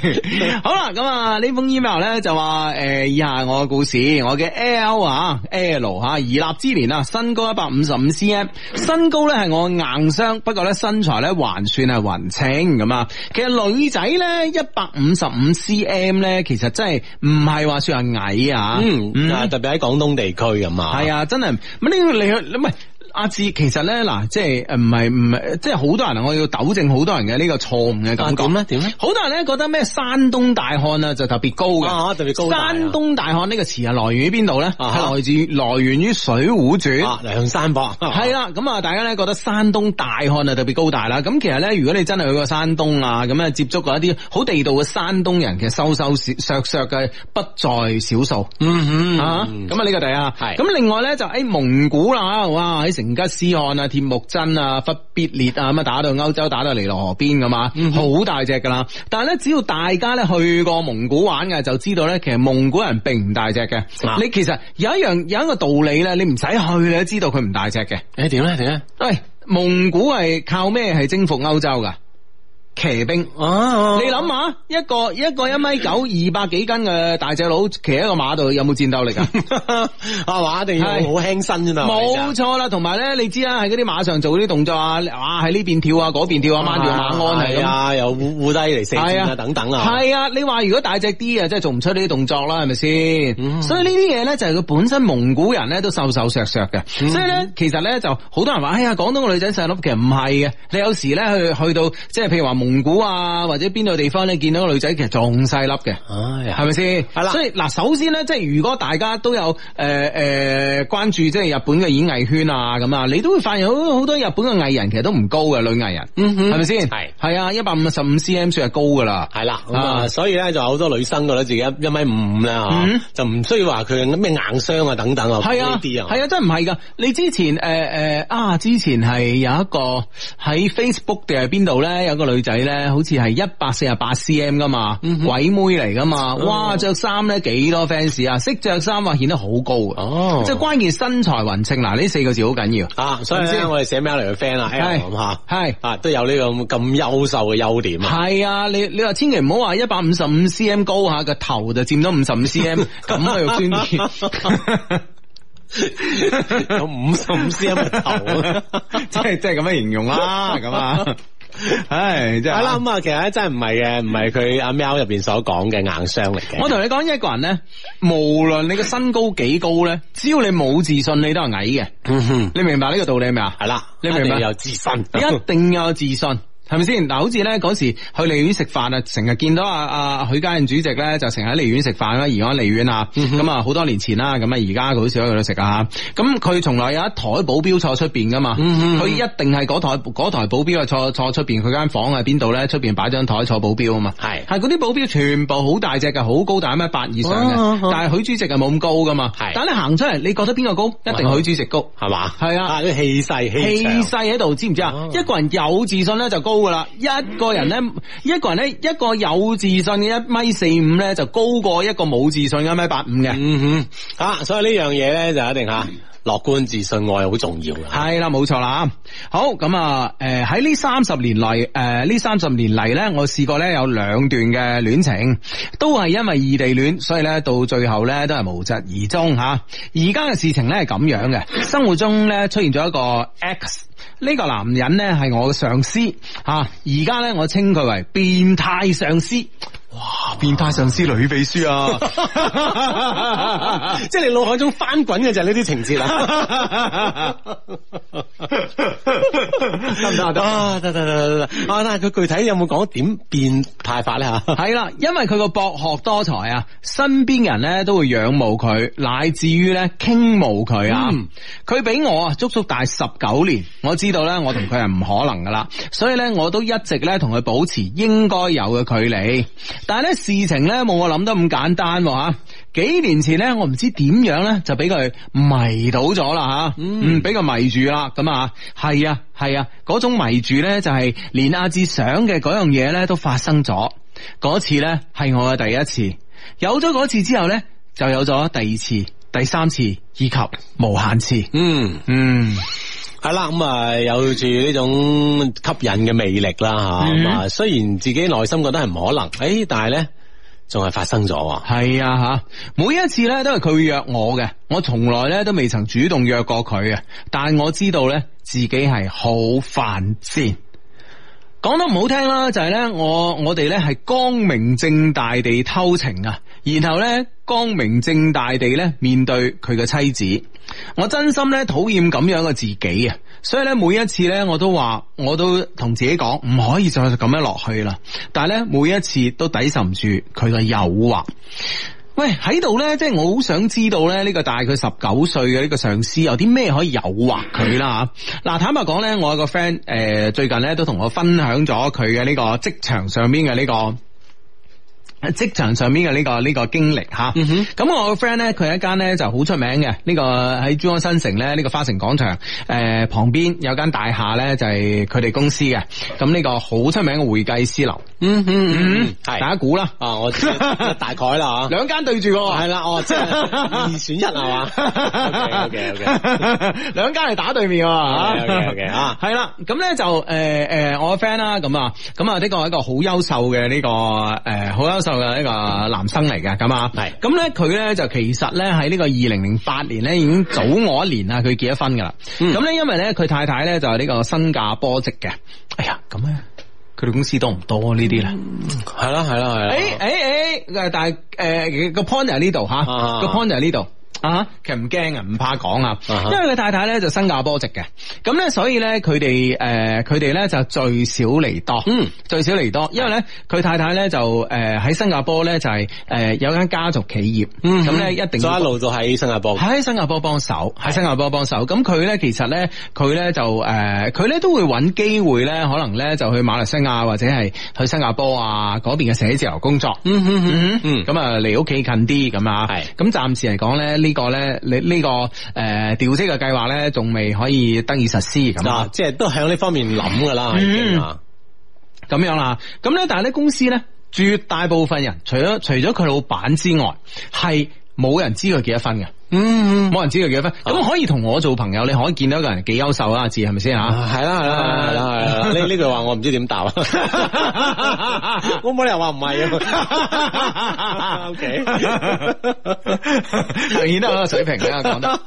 Speaker 1: [laughs] [laughs] [laughs] [laughs] [laughs] [laughs] 好啦，咁啊呢封 email 咧就話誒以下我嘅故事，我嘅 L 啊 L 吓啦。阿芝蓮啊，身高一百五十五 cm，身高咧係我硬傷，不過咧身材咧還算係勻稱咁啊。其實女仔咧一百五十五 cm 咧，其實真係唔係話算係矮啊。嗯，嗯，特別喺廣東地區咁啊，係啊，真係。咁呢個你去唔係？你你你你阿、啊、志，其實咧嗱，即係誒，唔係唔係，即係好多人，我要糾正好多人嘅呢個錯誤嘅感覺。咧、啊？點咧？好多人咧覺得咩山東大漢啊，就特別高嘅，特別高。山東大漢呢個詞啊，來源於邊度咧？係來自來源於《水滸傳》梁山泊係啦，咁啊，啊啊大家咧覺得山東大漢啊特別高大啦。咁其實咧，如果你真係去過山東啊，咁啊，接觸過一啲好地道嘅山東人，其實收收削削嘅不在少數。嗯哼，咁啊呢個第一。咁另外咧就誒、哎、蒙古啦，哇喺成。人家成吉思汗啊、鐵木真啊、忽必烈啊咁啊，打到歐洲，打到尼羅河邊噶嘛，好大隻噶啦。但係咧，只要大家咧去過蒙古玩嘅，就知道咧，其實蒙古人並唔大隻嘅。啊、你其實有一樣有一個道理咧，你唔使去你都知道佢唔大隻嘅。誒、哎，點咧點咧？喂、哎，蒙古係靠咩係征服歐洲噶？騎兵、啊、你諗下，一個一個米九，一米九，二百幾斤嘅大隻佬騎喺個馬度，有冇戰鬥力噶？係嘛，定係好輕身咋嘛？冇錯啦，同埋咧，你,你,你知啦，喺嗰啲馬上做嗰啲動作啊，哇，喺呢邊跳啊，嗰邊跳啊，掹住馬鞍係啊，又護低嚟死係啊，等等啊，係啊，你話如果大隻啲啊，真係做唔出呢啲動作啦，係咪先？所以呢啲嘢咧就係佢本身蒙古人咧都瘦瘦削削嘅、嗯，所以咧其實咧就好多人話哎呀，廣東嘅女仔細粒，其實唔係嘅，你有時咧去去到即係譬如話蒙。蒙古啊，或者邊度地方咧，你見到個女仔其實仲細粒嘅，係咪先？係啦，所以嗱，首先咧，即係如果大家都有誒誒、呃呃、關注，即係日本嘅演藝圈啊，咁啊，你都會發現好好多日本嘅藝人其實都唔高嘅女藝人，係咪先？係係啊，一百五十五 cm 算係高噶啦，係啦，啊、嗯，所以咧就好多女生覺得自己一米五五啦，就唔需要話佢咩硬傷啊等等啊，係啊，係啊，真係唔係噶，你之前誒誒、呃呃、啊，之前係有一個喺 Facebook 定係邊度咧，有一個女仔。你咧好似係一百四十八 cm 噶嘛，嗯，鬼妹嚟噶嘛，哦，哇！着衫咧幾多 fans 啊，識着衫啊，顯得好高啊，即係關鍵身材勻稱。嗱，呢四個字好緊要啊。所以，嗯，我哋寫咩嚟嘅 friend 啦，咁吓係啊，都有呢個咁優秀嘅優點啊。係啊，你你話千祈唔好話一百五十五 cm 高下，個，啊，頭就佔咗五十五 cm，咁啊要酸有五十五 cm 嘅的頭，即係即係咁樣形容啦，咁啊。 [laughs] [laughs] 唉，真係，係、嗯、啦，咁、嗯、啊，其實真係唔係嘅，唔係佢阿喵入邊所講嘅硬傷嚟嘅。我同你講，一個人咧，無論你個身高幾高咧，只要你冇自信，你都係矮嘅、嗯。你明白呢個道理未啊？係啦，你明白？有自信，一定要有自信。 [laughs] 係咪先？嗱，好似咧嗰時去利苑食飯啊，成日見到啊阿許家印主席咧就成日喺利苑食飯啦，而安利苑啊。咁、嗯、啊，好多年前啦，咁啊，而家佢好少喺度食啊。咁佢從來有一台保鏢坐出邊噶嘛，佢、嗯、一定係嗰台嗰台保鏢啊坐坐出邊，佢間房喺邊度咧？出邊擺張台坐保鏢啊嘛。係係嗰啲保鏢全部好大隻噶，好高大咩？八以上嘅、啊啊啊，但係許主席係冇咁高噶嘛。但你行出嚟，你覺得邊個高？一定許主席高係嘛？係啊，啲氣勢氣勢喺度，知唔知啊？一個人有自信咧就高。啦，一個人咧，一個人咧，一個有自信嘅一米四五咧，就高過一個冇自信嘅一米八五嘅。嗯哼，吓、啊、所以呢樣嘢咧就一定吓嗯、樂觀自信愛好重要嘅。係啦，冇錯啦。好咁啊，誒喺呢三十年嚟，誒呢三十年嚟咧，我試過咧有兩段嘅戀情，都係因為異地戀，所以咧到最後咧都係無疾而終吓。而家嘅事情咧係咁樣嘅，生活中咧出現咗一個 X。呢個男人咧係我嘅上司，吓，而家咧我稱佢為變態上司。哇變態上司、女秘書啊！即 [laughs] 係 [laughs] 你腦海中翻滾嘅就係呢啲情節啊！得唔得？得啊！得得得得得啊！但係佢具體有冇講點變態法咧？吓， [laughs] 係 günstair 啦，因為佢個博學多才啊，身邊人咧都會仰慕佢，乃至於咧傾慕佢啊。佢、 [laughs] 嗯、比我啊足足大十九年，我知道咧我同佢係唔可能噶啦，所以咧我都一直咧同佢保持應該有嘅距離。但係咧，事情咧冇我諗得咁簡單吓。幾年前咧，我唔知點樣咧就俾佢迷倒咗啦吓，嗯，俾佢迷住啦。咁啊，係啊，係啊，嗰種迷住咧就係連阿志想嘅嗰樣嘢咧都發生咗。嗰次咧係我嘅第一次，有咗嗰次之後咧就有咗第二次、第三次以及無限次。嗯嗯。係啦，咁啊有住呢種吸引嘅魅力啦，吓，雖然自己內心覺得係唔可能，誒，但係咧仲係發生咗。係啊，吓，每一次咧都係佢約我嘅，我從來咧都未曾主動約過佢嘅，但係我知道咧自己係好犯賤，講得唔好聽啦，就係，是，咧我我哋咧係光明正大地偷情啊！然後咧，光明正大地咧面對佢嘅妻子，我真心咧討厭咁樣嘅自己啊！所以咧，每一次咧，我都話，我都同自己講，唔可以再咁樣落去啦。但係咧，每一次都抵受唔住佢嘅誘惑。喂，喺度咧，即係我好想知道咧，呢個大佢十九歲嘅呢個上司有啲咩可以誘惑佢啦。嗱，坦白講咧，我有個 friend，誒，最近咧都同我分享咗佢嘅呢個職場上邊嘅呢個。喺職場上面嘅呢個呢個經歷嚇，咁、嗯、我個 friend 咧，佢一間咧就好出名嘅呢個喺珠江新城咧呢個花城廣場誒、呃、旁邊有間大廈咧就係佢哋公司嘅，咁呢個好出名嘅會計師樓。嗯嗯嗯，係、嗯嗯、大家估啦啊，我 [laughs] 大概啦吓，兩間對住喎，係 [laughs] 啦，哦，即係二選一係嘛 [laughs] [laughs] ？OK OK 兩間係打對面 okay, okay, okay, [laughs] 啊？OK o 係啦，咁咧就誒誒、呃呃，我個 friend 啦，咁啊，咁啊，呢個係一個好優秀嘅呢、這個誒，好、呃、優秀嘅呢個男生嚟嘅，咁啊係，咁咧佢咧就其實咧喺呢個二零零八年咧已經早我一年啊，佢結咗婚噶啦，咁、嗯、咧因為咧佢太太咧就係、是、呢個新加坡籍嘅，哎呀咁咧。佢哋公司多唔多呢啲咧？嗯，係啦，係啦，係啦。誒誒誒，誒、欸欸欸，但係誒個 point 喺呢度吓，個 point 喺呢度。啊、uh -huh，其實唔驚啊，唔怕講啊，因為佢太太咧就新加坡籍嘅，咁咧所以咧佢哋誒佢哋咧就最少嚟多，嗯、mm.，最少嚟多，因為咧佢太太咧就誒喺新加坡咧就係誒有間家，家族企業，嗯，咁咧一定一路都喺新加坡，喺新加坡幫手，喺新加坡幫手，咁佢咧其實咧佢咧就誒佢咧都會揾機會咧，可能咧就去馬來西亞或者係去新加坡啊嗰邊嘅寫字樓工作，mm -hmm. 嗯咁啊離屋企近啲咁啊，係，咁、mm、暫 -hmm. 時嚟講咧呢。呢個咧，你呢個誒調職嘅計劃咧，仲未可以得以實施咁啊，即係都向呢方面諗噶啦，已經啊，咁樣啦，咁咧，但係咧公司咧，絕大部分人除咗除咗佢老闆之外，係冇人知佢幾多分嘅。嗯，冇人知佢幾多分。咁可以同我做朋友，你可以見到一個人幾優秀知道啊？字係咪先吓？係啦係啦係啦係啦。呢呢句話我唔知點答。我 [laughs] 冇理由話唔係？O K，明顯都係個水平嘅講得啊，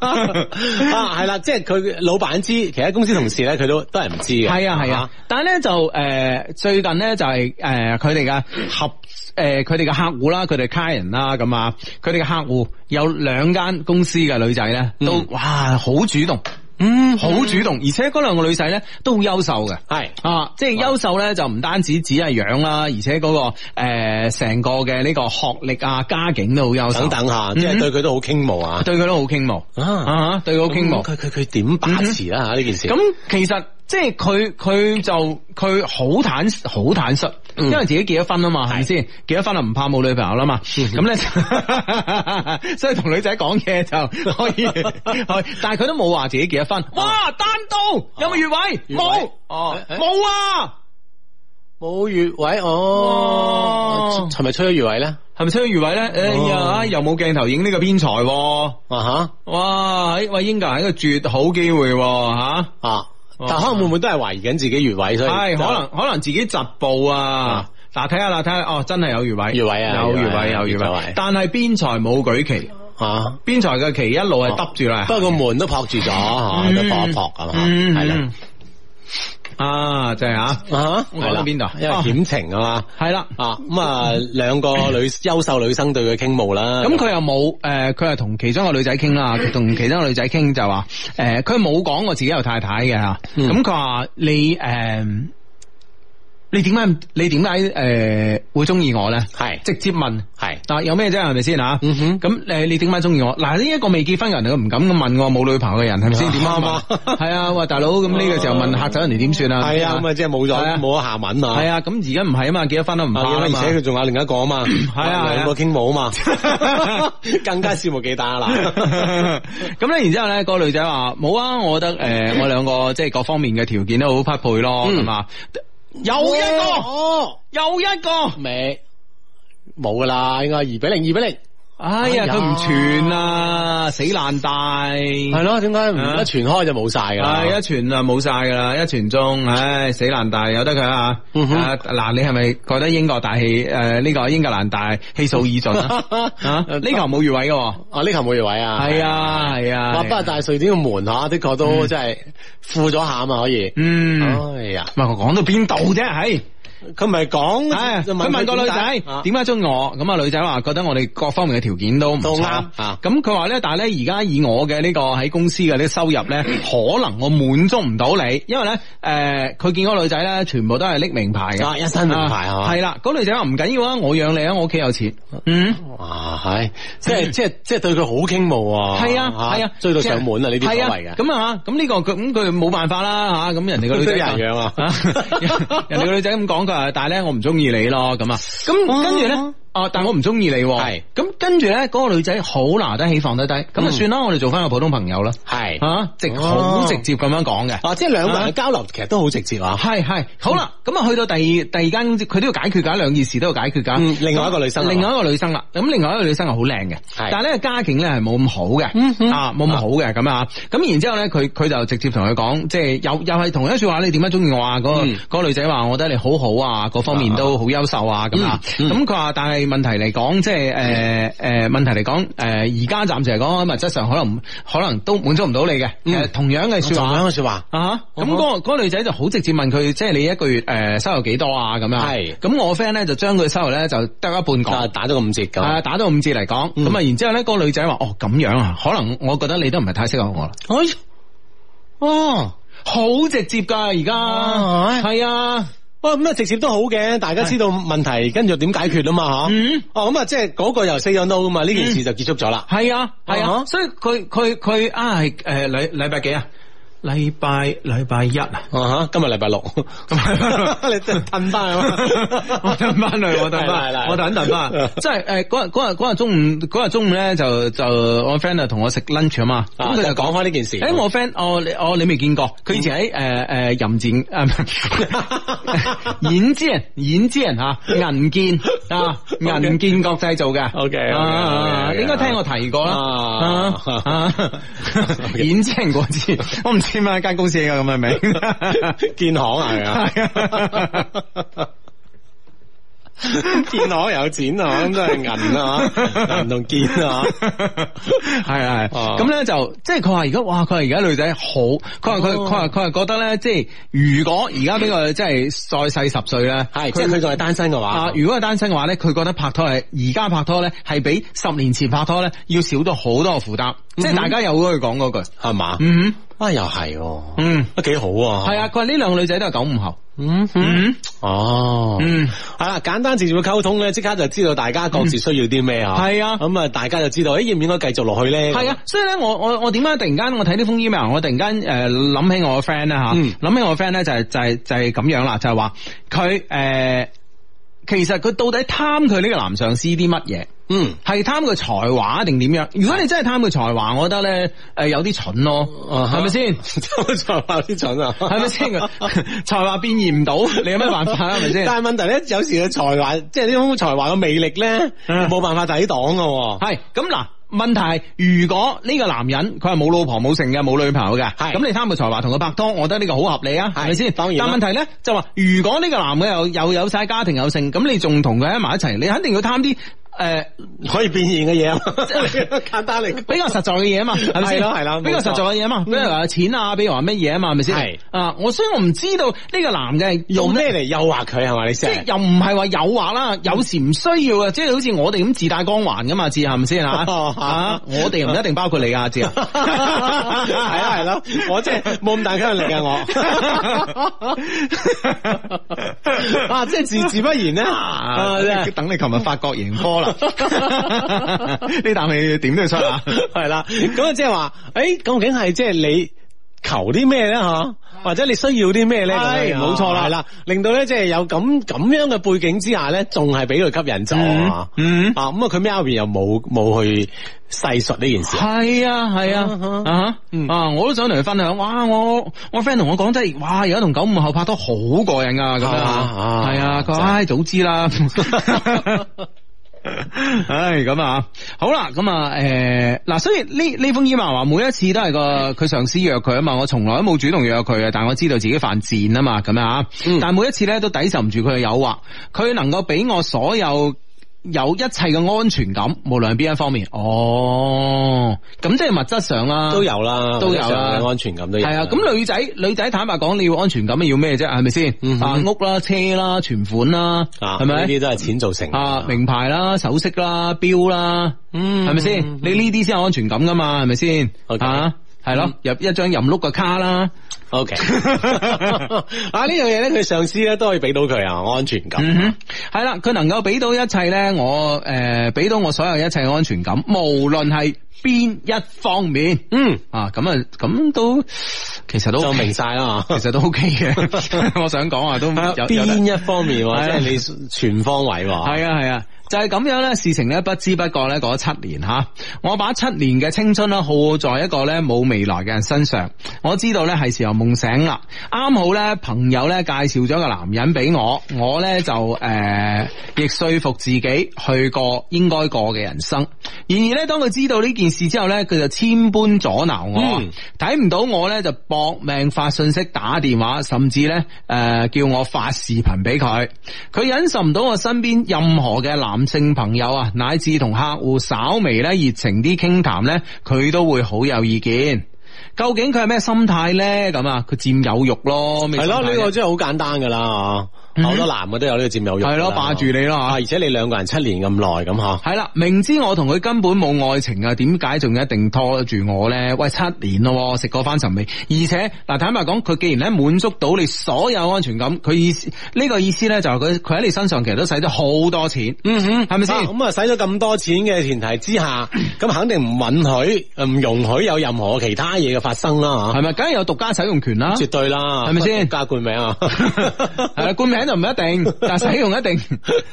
Speaker 1: 係啦。即係佢老闆知，其他公司同事咧，佢都都係唔知嘅。係啊係啊。但係咧就誒、呃、最近咧就係誒佢哋嘅合誒佢哋嘅客戶啦，佢哋客人啦咁啊，佢哋嘅客戶。有兩間公司嘅女仔咧，都、嗯、哇好主動，嗯，好主動，而且嗰兩個女仔咧都好優秀嘅，係啊，即、就、係、是、優秀咧就唔單止只係樣啦，而且嗰、那個誒成、呃、個嘅呢個學歷啊家境都好優秀。等等下、嗯，即係對佢都好傾慕啊，對佢都好傾慕啊,啊，對佢好傾慕。佢佢佢點把持啊？呢、嗯、件事？咁其實即係佢佢就佢好坦好坦率。因為自己結咗婚啊嘛，係咪先？結咗婚就唔怕冇女朋友啦嘛。咁 [laughs] 咧麼就， [laughs] 所以同女仔講嘢就可以， [laughs] [laughs] 但係佢都冇話自己結咗婚，啊。哇，單刀、啊、有冇越位？冇、
Speaker 2: 啊、哦，冇啊，
Speaker 1: 冇越位，oh, 呃是是啊、是是哦。係咪出咗越位咧？係咪出咗越位咧？哎呀，又冇鏡頭影呢個邊裁，啊吓！哇，啊，喂、uh, 啊，英格蘭係一個絕好機會吓。啊啊但可能會唔會都係懷疑緊自己越位，所以係可能可能自己疾步啊！嗱、啊，睇下啦睇下哦，真係有越位，越位啊，有越位、啊越位啊、有越位，位啊位啊、但係邊裁冇舉旗吓，邊裁嘅旗一路係耷住啦，不、啊、過個門都撲住咗吓、嗯啊，都撲一撲係嘛，係、嗯、啦。啊，就係、是、啊，係、啊、啦，邊、那、度、個？因為險情啊嘛，係啦，啊，咁啊，兩、啊、個女優秀女生對佢傾慕啦。咁、嗯、佢又冇，誒、呃，佢係同其中一個女仔傾啦，同 [laughs] 其中一個女仔傾就話，誒、呃，佢冇講過自己有太太嘅吓，咁佢話你，誒、呃。你點解你點解誒會中意我咧？係直接問係啊？有咩啫？係咪先吓？咁、嗯、誒，你點解中意我？嗱、啊、呢、這、一個未結婚嘅人，佢唔敢咁問我冇女朋友嘅人係咪先？點啊嘛？係啊，話、啊啊啊啊、大佬咁呢個時候問吓走人哋點算啊？係啊，咁啊即係冇咗啦，冇、啊啊、下文啊？係啊，咁而家唔係啊嘛，結咗婚都唔怕而且佢仲有另一個啊嘛，係啊，兩個傾舞啊，啊 [laughs] 嘛， [laughs] 更加肆無忌憚啦。咁 [laughs] 咧， [laughs] 然之後咧，個女仔話冇啊，我覺得誒、呃 [laughs] 呃，我兩個即係各方面嘅條件都好匹配咯，係、嗯、嘛。有一個，哦，有一個，未冇噶啦，應該二比零，二比零。哎呀，佢唔傳啊，哎、死爛大，係咯、啊，點解唔一傳開就冇晒噶，係一傳啊，冇晒噶啦，一傳中，唉、哎，死爛大，由得佢啦啊，嗱、嗯啊，你係咪覺得英國大氣？誒、啊，呢、呢個英格蘭大氣數已盡，呢球冇越位噶？啊，呢球冇越位，啊啊、位啊？係啊，係啊，啊，啊，啊，啊。不過大瑞典嘅門下、啊，的確都真係負咗下啊可以。嗯，哎呀，唔係我講到邊度啫，係。佢唔係講，佢、啊、問個女仔點解中意我？咁啊，女仔話覺得我哋各方面嘅條件都唔差。咁佢話咧，但係咧而家以我嘅呢、這個喺公司嘅啲收入咧，可能我滿足唔到你，因為咧誒，佢、呃、見嗰個女仔咧，全部都係拎名牌嘅、啊，一身名牌係嘛？係啦，嗰女仔話唔緊要啊，我養你啊，啊我屋企有錢。嗯，啊係，即係即係即係對佢好傾慕啊。係啊係啊,啊,啊,啊,啊，追到上門啊呢啲所謂嘅。咁啊咁呢、啊這個佢咁佢冇辦法啦吓。咁人哋個女仔人養啊，人哋個女仔咁講。 [laughs] 但係咧，我唔中意你咯，咁啊，咁、哦、跟住咧。哦哦哦啊！但我唔中意你，啊，係、嗯、咁跟住咧，嗰、那個女仔好拿得起放得低，咁、嗯、啊算啦，我哋做翻個普通朋友啦，係吓、啊、直好直接咁樣講嘅，啊，即係兩個人嘅交流其實都好直接啊，係、啊、係好啦，咁、嗯、啊、嗯、去到第二第二間，佢都要解決噶，兩件事都要解決噶、嗯，另外一個女生，另外一個女生啦，咁另外一個女生係好靚嘅，但係咧家境咧係冇咁好嘅、嗯，啊冇咁好嘅咁啊，咁然之後咧佢佢就直接同佢講，即、就、係、是、又又係同一句話，你點解中意我啊？嗰、那個、嗯那個女仔話，我覺得你好好啊，各方面都好優秀啊，咁、嗯、啊，咁佢話但係。但問題嚟講，即係誒誒，問題嚟講，誒而家暫時嚟講，物質上可能可能都滿足唔到你嘅、嗯。同樣嘅說話，同樣嘅說話啊！咁、uh、嗰 -huh, 那個 uh -huh. 那個嗰個女仔就好直接問佢，即係你一個月誒、呃、收入幾多啊？咁樣係。咁我 friend 咧就將佢收入咧就得一半講，打咗個五折噶，打咗個五折嚟講。咁、嗯、啊，然之後咧，個女仔話，哦，咁樣啊，可能我覺得你都唔係太適合我啦。哦、uh -huh.，好直接噶，而家係啊。哇、哦，咁啊直接都好嘅，大家知道問題，跟住點解決啊嘛，吓、嗯啊。嗯。哦，咁啊，即係嗰個又 say 咗 no 啊嘛，呢件事就結束咗啦。係、嗯嗯、啊，係啊、嗯，所以佢佢佢啊係誒禮禮拜幾啊？禮拜禮拜一啊、嗯，今日禮拜六， [laughs] 你真係褪翻啊！ [laughs] 我褪翻去，我褪翻嚟，我等一等翻。即係誒，嗰日嗰日嗰日中午，嗰日中午咧就就我 friend 啊同我食 lunch 啊嘛，咁佢就講開呢件事。誒、欸，我 friend，我我你未見過，佢以前喺誒誒淫展誒，演資人，演資人吓，銀、呃、建啊，銀建、啊、國際做嘅，OK，應該聽我提過啦，演資人嗰次，我唔。簽翻一間公司嘅咁嘅名， [laughs] 建行係啊， [laughs] 建行有錢行都銀 [laughs] 銀建行 [laughs] 啊，都係銀啊，銀同建啊，係係咁咧，就即係佢話而家哇，佢話而家女仔好，佢話佢佢話佢話覺得咧，即係如果而家呢個即係再細十歲咧，係即係佢仲係單身嘅話，如果係、就是就是、單身嘅話咧，佢、呃、覺得拍拖係而家拍拖咧，係比十年前拍拖咧要少咗好多負擔，即、嗯、係大家有咗去講嗰句係嘛，嗯。啊，又係、啊，嗯，都幾好啊，係啊，佢話呢兩個女仔都係九五後，嗯嗯，哦，嗯，係、啊、啦，簡單直接嘅溝通咧，即刻就知道大家各自需要啲咩啊，係、嗯、啊，咁啊，大家就知道，咦，應唔應該繼續落去咧？係啊，所以咧，我我我點解突然間我睇呢封 email，我突然間誒諗起我個 friend 咧、嗯、吓，諗起我個 friend 咧就係就係就係咁樣啦，就係話佢誒。就是其實佢到底貪佢呢個男上司啲乜嘢？嗯，係貪佢才華定點樣？如果你真係貪佢才華，我覺得咧誒有啲蠢咯，係咪先？貪、啊、才華有啲蠢啊，係咪先？才華變現唔到，你有咩辦法？係係咪先？但係問題咧，有時嘅才華，即係呢種才華嘅魅力咧，冇辦法抵擋㗎喎。係咁嗱。問題係，如果呢個男人佢係冇老婆冇剩嘅，冇女朋友嘅，咁你貪佢才華同佢拍拖，我覺得呢個好合理啊，係咪先？當然。但係問題呢，就話如果呢個男嘅又又有晒家庭有剩，咁你仲同佢喺埋一齊，你肯定要貪啲。誒、呃，可以變現嘅嘢啊，嘛， [laughs] 簡單嚟，比較實在嘅嘢啊嘛，係咪先？係咯，係啦，比較實在嘅嘢啊嘛、嗯，比如話錢啊，比如話乜嘢啊嘛，係咪先？係啊，啊, [laughs] [laughs] 啊，我雖然我唔知道呢個男嘅用咩嚟誘惑佢係咪？你即又唔係話誘惑啦，有時唔需要啊，即係好似我哋咁自帶光環噶嘛，至係咪先啊？我哋又唔一定包括你啊，字係啊係咯，我即係冇咁大吸引力啊。我，啊，即係自自不然呢、啊啊，等你琴日發覺贏呢啖氣點都要出啊！ [laughs] 係啦，咁啊即係話，誒，究竟係即係你求啲咩咧吓？或者你需要啲咩咧？係冇錯啦，係啦、嗯，令到咧即係有咁咁樣嘅背景之下咧，仲係俾佢吸引咗。嗯，嗯啊，咁啊，佢咩又冇冇去細述呢件事？係啊，係啊，啊，啊，我都想同佢分享。哇，我我 friend 同我講，即係哇，而家同九五後拍拖好過癮啊。咁啊，係啊，佢話、唉、早知啦。 [laughs] [laughs] 唉，咁啊，好啦，咁啊，誒、欸，嗱，雖然呢呢封 email 話每一次都係個佢上司約佢啊嘛，我從來都冇主動約佢啊，但係我知道自己犯賤啊嘛，咁樣啊，嗯、但係每一次咧都抵受唔住佢嘅誘惑，佢能夠俾我所有。有一切嘅安全感，無論係邊一方面。哦，咁即係物質上啦、啊，都有啦，都有啦，安全感都係啊，咁女仔女仔坦白講，你要安全感要咩啫？係咪先？啊，屋啦，車啦，存款啦，係、啊、咪？呢啲都係錢造成的啊，名牌啦，首飾啦，表啦，嗯，
Speaker 2: 係咪先？
Speaker 1: 你呢啲先有安全感噶嘛？係咪先？Okay. 啊。係咯、嗯，入一張任碌嘅卡啦。O、okay、K， [laughs] 啊、這個、呢樣嘢咧，佢上司咧 [laughs] 都可以俾到佢啊安全感。係、嗯、啦，佢能夠俾到一切咧，我誒俾到我所有一切嘅安全感，無論係邊一方面。嗯啊，咁啊咁都其實都明晒啦。其實都 O K 嘅。 [laughs] 我想講啊，都有邊 [laughs] 一方面即係你全方位。係啊係啊。就係、是、咁樣咧，事情咧不知不覺咧，過咗七年吓，我把七年嘅青春咧耗在一個咧冇未來嘅人身上。我知道咧係時候夢醒啦，啱好咧朋友咧介紹咗個男人俾我，我咧就誒、呃、亦說服自己去過應該過嘅人生。然而咧當佢知道呢件事之後咧，佢就千般阻撓我，睇、嗯、唔到我咧就搏命發信息、打電話，甚至咧誒、呃、叫我發視頻俾佢。佢忍受唔到我身邊任何嘅男性朋友啊，乃至同客戶稍微咧熱情啲傾談咧，佢都會好有意見。究竟佢係咩心態咧？咁啊，佢佔有欲咯，係咯，呢個真係好簡單噶啦。好、嗯、多男嘅都有呢個佔有慾，係咯，霸住你囉。吓、啊，而且你兩個人七年咁耐咁吓，係、啊、啦，明知我同佢根本冇愛情啊，點解仲一定拖住我咧？喂，七年咯，食過返尋味，而且嗱，坦白講，佢既然咧滿足到你所有安全感，佢意思呢、這個意思咧就係佢佢喺你身上其實都使咗好多錢，嗯哼，係咪先？咁啊，使咗咁多錢嘅前提之下，咁肯定唔允許，唔容許有任何其他嘢嘅發生啦，係咪？梗係有獨家使用權啦，絕對啦，係咪先？加冠名啊，係 [laughs] 啊，冠名。就唔一定，但使用一定，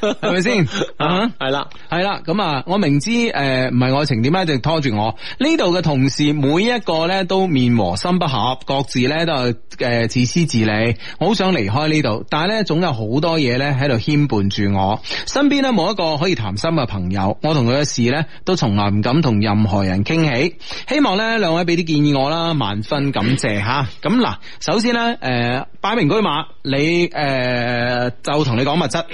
Speaker 1: 係咪先啊？係啦，係 [laughs] 啦、uh -huh,，咁啊，我明知誒唔係愛情，點解一直拖住我？呢度嘅同事每一個咧都面和心不合，各自咧都係誒、呃、自私自利。我好想離開呢度，但係咧總有好多嘢，咧喺度牽絆住我。身邊咧冇一個可以談心嘅朋友，我同佢嘅事咧都從來唔敢同任何人傾起。希望咧兩位俾啲建議我啦，萬分感謝吓。咁嗱，首先咧誒擺明車馬，你誒。呃誒，就同你講物質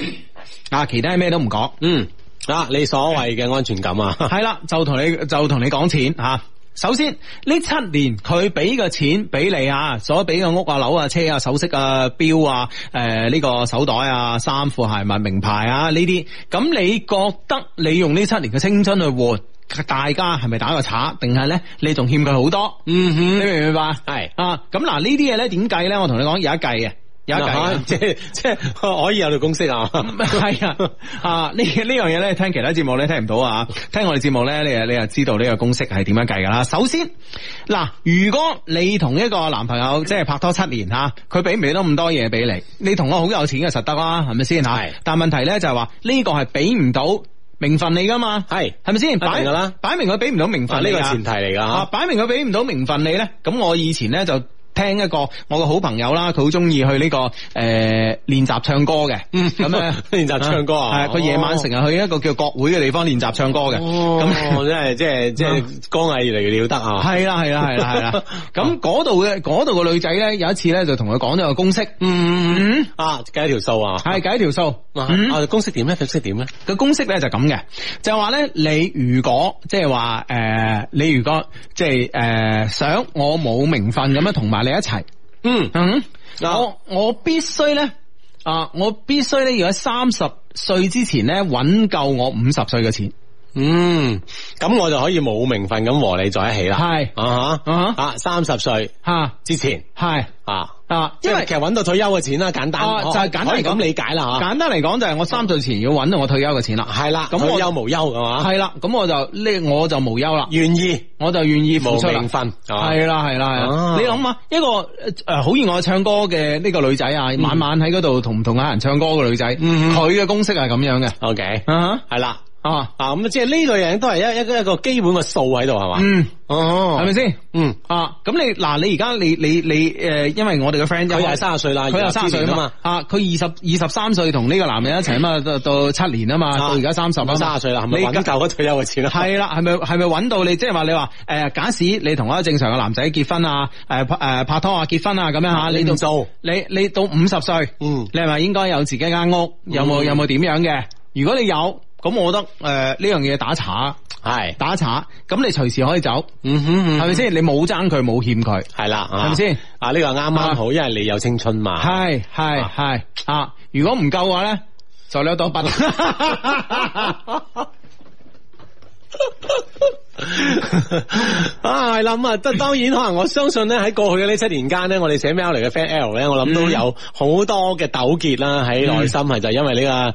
Speaker 1: 啊，其他咩都唔講。嗯，啊，你所謂嘅安全感啊，係 [laughs] 啦，就同你就同你講錢吓。首先呢七年佢俾嘅錢俾你啊，所俾嘅屋啊、樓啊、車啊、首飾啊、錶啊、誒、呃、呢、這個手袋啊、衫褲鞋襪名牌啊呢啲，咁你覺得你用呢七年嘅青春去換，大家係咪打個叉？定係咧你仲欠佢好多？嗯哼，你明唔明白？係啊，咁嗱呢啲嘢咧點計咧？我同你講而家計啊。有一計，即係即係可以有條公式啊！係、嗯、 [laughs] 啊，啊呢呢樣嘢咧， [laughs] 聽其他節目咧聽唔到啊， [laughs] 聽我哋節目咧，你啊你啊知道呢個公式係點樣計噶啦？首先，嗱，如果你同一個男朋友即係拍拖七年吓，佢俾唔俾到咁多嘢俾你，你同我好有錢嘅實得啦，係咪先吓？係。但係問題咧就係話呢個係俾唔到名份你噶嘛？係，係咪先？明噶啦，擺明佢俾唔到名份。呢個前提嚟噶吓，擺明佢俾唔到名份你咧，咁我以前咧就。聽一個我個好朋友啦，佢好中意去呢個誒練習唱歌嘅，咁啊練習唱歌啊，係啊，佢夜晚成日去一個叫國會嘅地方練習唱歌嘅，咁我真係即係即係歌藝越嚟越了得啊！係啦係啦係啦係啦，咁嗰度嘅嗰度個女仔咧，有一次咧就同佢講咗個公式，嗯啊，計一條數啊，係計一條數，啊，公式點咧？公式點咧？個公式咧就咁嘅，就話咧你如果即係話誒，你如果即係誒想我冇名分咁樣，同埋。你一齊，嗯，嗯，我我必須咧，啊，我必須咧，要喺三十歲之前咧揾夠我五十歲嘅錢，嗯，咁我就可以冇名份咁和你在一起啦，係，啊吓啊三十歲，吓之前，係，啊。啊！因為其實揾到退休嘅錢啦，簡單、啊、就係、是、簡單咁理解啦。簡單嚟講就係我三歲前要揾到我退休嘅錢啦。係啦，咁我有無休嘅嘛。係啦，咁我就呢，我就無休啦。願意，我就願意付出啦。係啦，係、啊、啦、啊，你諗下，一個誒好意外唱歌嘅呢個女仔啊，嗯、晚晚喺嗰度同唔同下人唱歌嘅女仔，佢、嗯、嘅公式係咁樣嘅。O K，係啦。啊，咁即係呢類型都係一一一個基本嘅數喺度，係嘛？嗯，哦，係咪先？嗯啊，咁你嗱，你而家你你你誒、呃，因為我哋嘅 friend 佢又係卅歲啦，佢又卅歲啊嘛啊，佢二十二十三歲同呢個男人一齊啊 30, 30嘛，到七年啊嘛，到而家三十三卅歲啦，係咪？你而家舊咗退休嘅錢啦？係啦，係咪係咪揾到你？即係話你話誒、就是就是，假使你同一個正常嘅男仔結婚啊，誒誒拍拖啊，結婚啊咁樣吓，你做你、嗯、你到五十歲，你係咪、嗯、應該有自己間屋？有冇有冇點樣嘅？如果你有。咁我覺得誒呢、呃、樣嘢打岔係打岔，咁你隨時可以走，嗯哼，係咪先？你冇爭佢，冇欠佢，係啦，係咪先？啊呢、這個啱啱好、啊，因為你有青春嘛，係系係啊！如果唔夠嘅話咧，就你一朵筆。 [laughs] [laughs] [laughs] 啊，係啦，咁啊，當然可能我相信呢，喺過去嘅呢七年間呢，我哋寫 mail 嚟嘅 friend L 咧，我諗都有好多嘅糾結啦，喺內心係就係、因為呢、這個誒、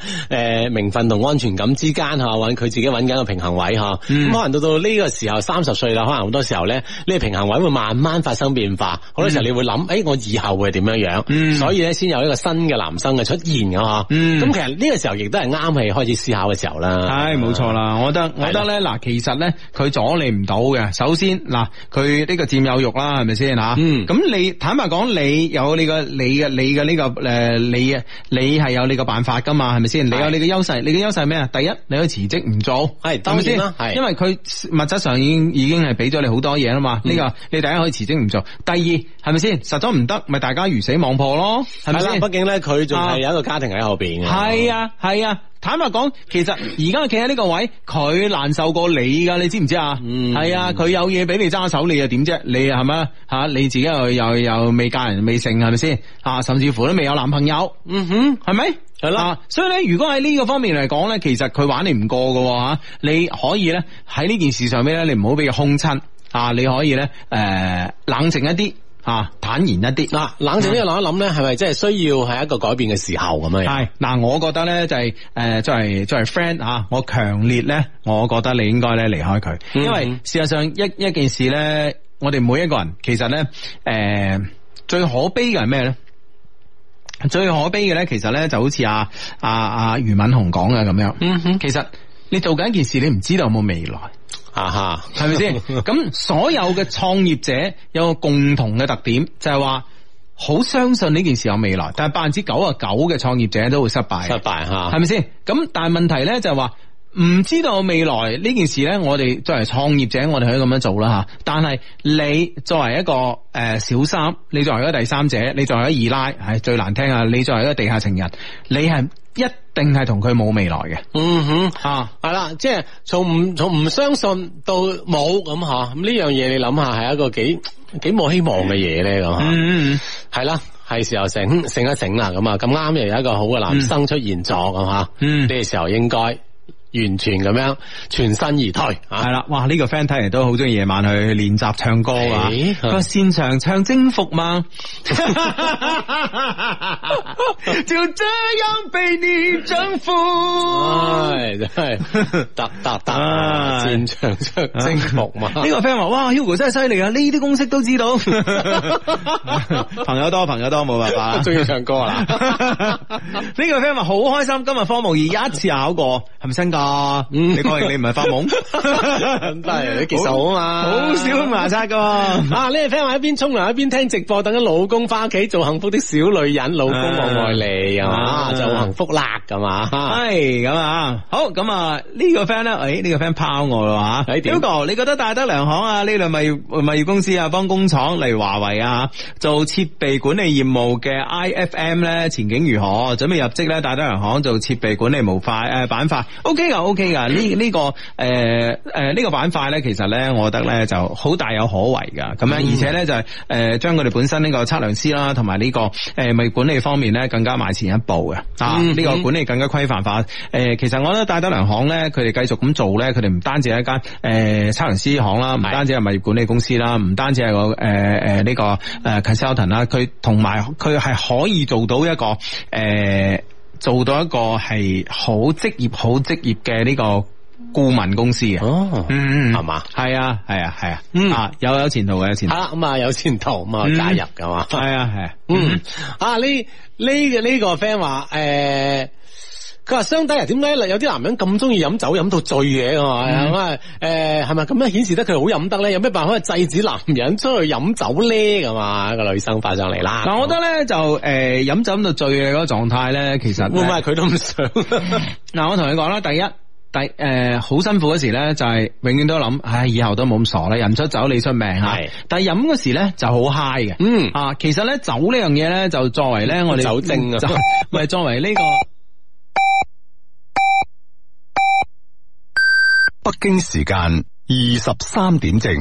Speaker 1: 呃、名分同安全感之間吓，揾佢自己揾緊個平衡位吓，咁、嗯、可能到到呢個時候三十歲啦，可能好多時候咧，呢、這個平衡位會慢慢發生變化，好、嗯、多時候你會諗，誒、哎，我以後會點樣樣、嗯，所以咧先有一個新嘅男生嘅出現嘅嗬，咁、嗯嗯、其實呢個時候亦都係啱係開始思考嘅時候啦，係冇錯啦，我覺得我覺得咧嗱，其實咧佢。阻你唔到嘅，首先嗱，佢呢個佔有欲啦，係咪先啊？嗯，咁你坦白講，你有呢個你嘅你嘅呢個誒，你嘅你係有你個辦法噶嘛？係咪先？你有你嘅優勢，你嘅優勢係咩啊？第一，你可以辭職唔做，係係咪先？係因為佢物質上已經已經係俾咗你好多嘢啦嘛。呢、嗯這個你第一可以辭職唔做，第二係咪先？實在唔得，咪大家魚死網破咯，係咪先？畢竟咧，佢仲係有一個家庭喺後邊。係啊，係啊。坦白講，其實而家企喺呢個位，佢難受過你噶，你知唔知、嗯、啊？係啊，佢有嘢俾你揸手，你又點啫？你係咪啊？吓，你自己又又又未嫁人未成，係咪先？啊，甚至乎都未有男朋友。嗯哼，係咪？係啦、啊，所以咧，如果喺呢個方面嚟講咧，其實佢玩你唔過噶吓，你可以咧喺呢件事上面咧，你唔好俾佢兇親啊！你可以咧誒、啊呃、冷靜一啲。啊，坦然一啲嗱，啊，冷靜啲諗一諗咧，係咪真係需要係一個改變嘅時候咁樣？係嗱，啊，我覺得咧就係、是、誒，作為、作為、friend 啊，我強烈咧，我覺得你應該咧離開佢，因為事實上一一件事咧，我哋每一個人其實咧誒、呃，最可悲嘅係咩咧？最可悲嘅咧，其實咧就好似阿啊啊，啊余敏雄講嘅咁樣，嗯哼，其實你做緊一件事，你唔知道有冇未來。啊哈是，係咪先？咁所有嘅創業者有個共同嘅特點，就係話好相信呢件事有未來，但係百分之九啊九嘅創業者都會失敗，失敗吓、啊，係咪先？咁但係問題呢就係話唔知道未來呢件事呢。我哋作為創業者，我哋可以咁樣做啦吓。但係你作為一個誒小三，你作為一個第三者，你作為一個二奶，係最難聽啊！你作為一個地下情人，你係。一定係同佢冇未來嘅，嗯哼，吓係啦，即係從唔從唔相信到冇咁吓，咁呢樣嘢你諗下係一個幾幾冇希望嘅嘢咧咁吓，嗯係啦，係、嗯、時候醒醒一醒啦，咁啊，咁啱又有一個好嘅男生出現咗，咁、嗯、嘛、呢、嗯這個時候應該。完全咁樣全身而退，係、啊、啦！哇，呢、這個 friend 睇嚟，都好中意夜晚去練習唱歌啊。佢、欸、擅長唱征服嘛，
Speaker 2: 就 [laughs] [laughs] 這樣被你征服，係、
Speaker 1: 哎，得得得， [laughs] 擅長唱征服嘛。呢 [laughs] 個 friend 話，哇，Hugo 真係犀利啊！呢啲公式都知道， [laughs] 朋友多，朋友多冇辦法，中 [laughs] 意唱歌啊！呢 [laughs] [laughs] 個 friend 話好開心，今日科目二一次考過，係咪新啊，你確認你唔係發夢，係、嗯、 [laughs] [laughs] 你技術好啊嘛，好 [laughs] 少摩擦噶。啊，呢個 friend 話一邊沖涼一邊聽直播，等緊老公翻屋企做幸福的小女人，老公望外嚟啊，啊，就幸福啦，咁啊，係咁啊，好咁啊，這個、呢、哎這個 friend 咧，誒、啊，呢個 friend 拋我啦吓，喺點哥，你覺得大德良行啊，呢類物業公司啊，幫工廠例如華為啊做設備管理業務嘅 IFM 咧，前景如何？準備入職咧，大德良行做設備管理模塊誒板塊，OK。這個 OK 噶，呢、這、呢個誒誒呢個板塊咧，其實咧，我覺得咧就好大有可為噶。咁樣，而且咧就係誒，將佢哋本身呢個測量師啦，同埋呢個誒物業管理方面咧，更加邁前一步嘅啊。呢、嗯這個管理更加規範化。誒、呃，其實我覺得大德良行咧，佢哋繼續咁做咧，佢哋唔單止係一間誒測量師行啦，唔單止係物業管理公司啦，唔單止係、呃這個誒誒呢個誒 consultant 啦，佢同埋佢係可以做到一個誒。呃做到一個係好職業、好職業嘅呢個顧問公司啊、嗯，哦，嗯，係嘛，係啊，係啊，係啊，啊，嗯，啊有有前途嘅，有前途。好、啊、啦，咁啊有前途咁啊、嗯、加入嘅嘛，係啊，係、啊嗯，啊，嗯啊呢呢個呢個 friend 話誒。佢話相抵啊？點解有啲男人咁中意飲酒飲到醉嘅？咁啊誒，係咪咁樣顯示得佢好飲得咧？有咩辦法可以制止男人出去飲酒咧？咁啊，個女生發上嚟啦。嗱、嗯，我覺得咧就誒，飲、呃、酒飲到醉嗰個狀態咧，其實會唔會係佢都唔想？嗱，我同你講啦，第一，第誒好辛苦嗰時咧，就係、是、永遠都諗，唉，以後都冇咁傻啦。人出酒，你出命吓。的但係飲嗰時咧就好 high 嘅。嗯啊，其實咧酒呢樣嘢咧，就作為咧我哋酒精啊，唔係作為呢個。 [laughs] 北京時間二十三點正。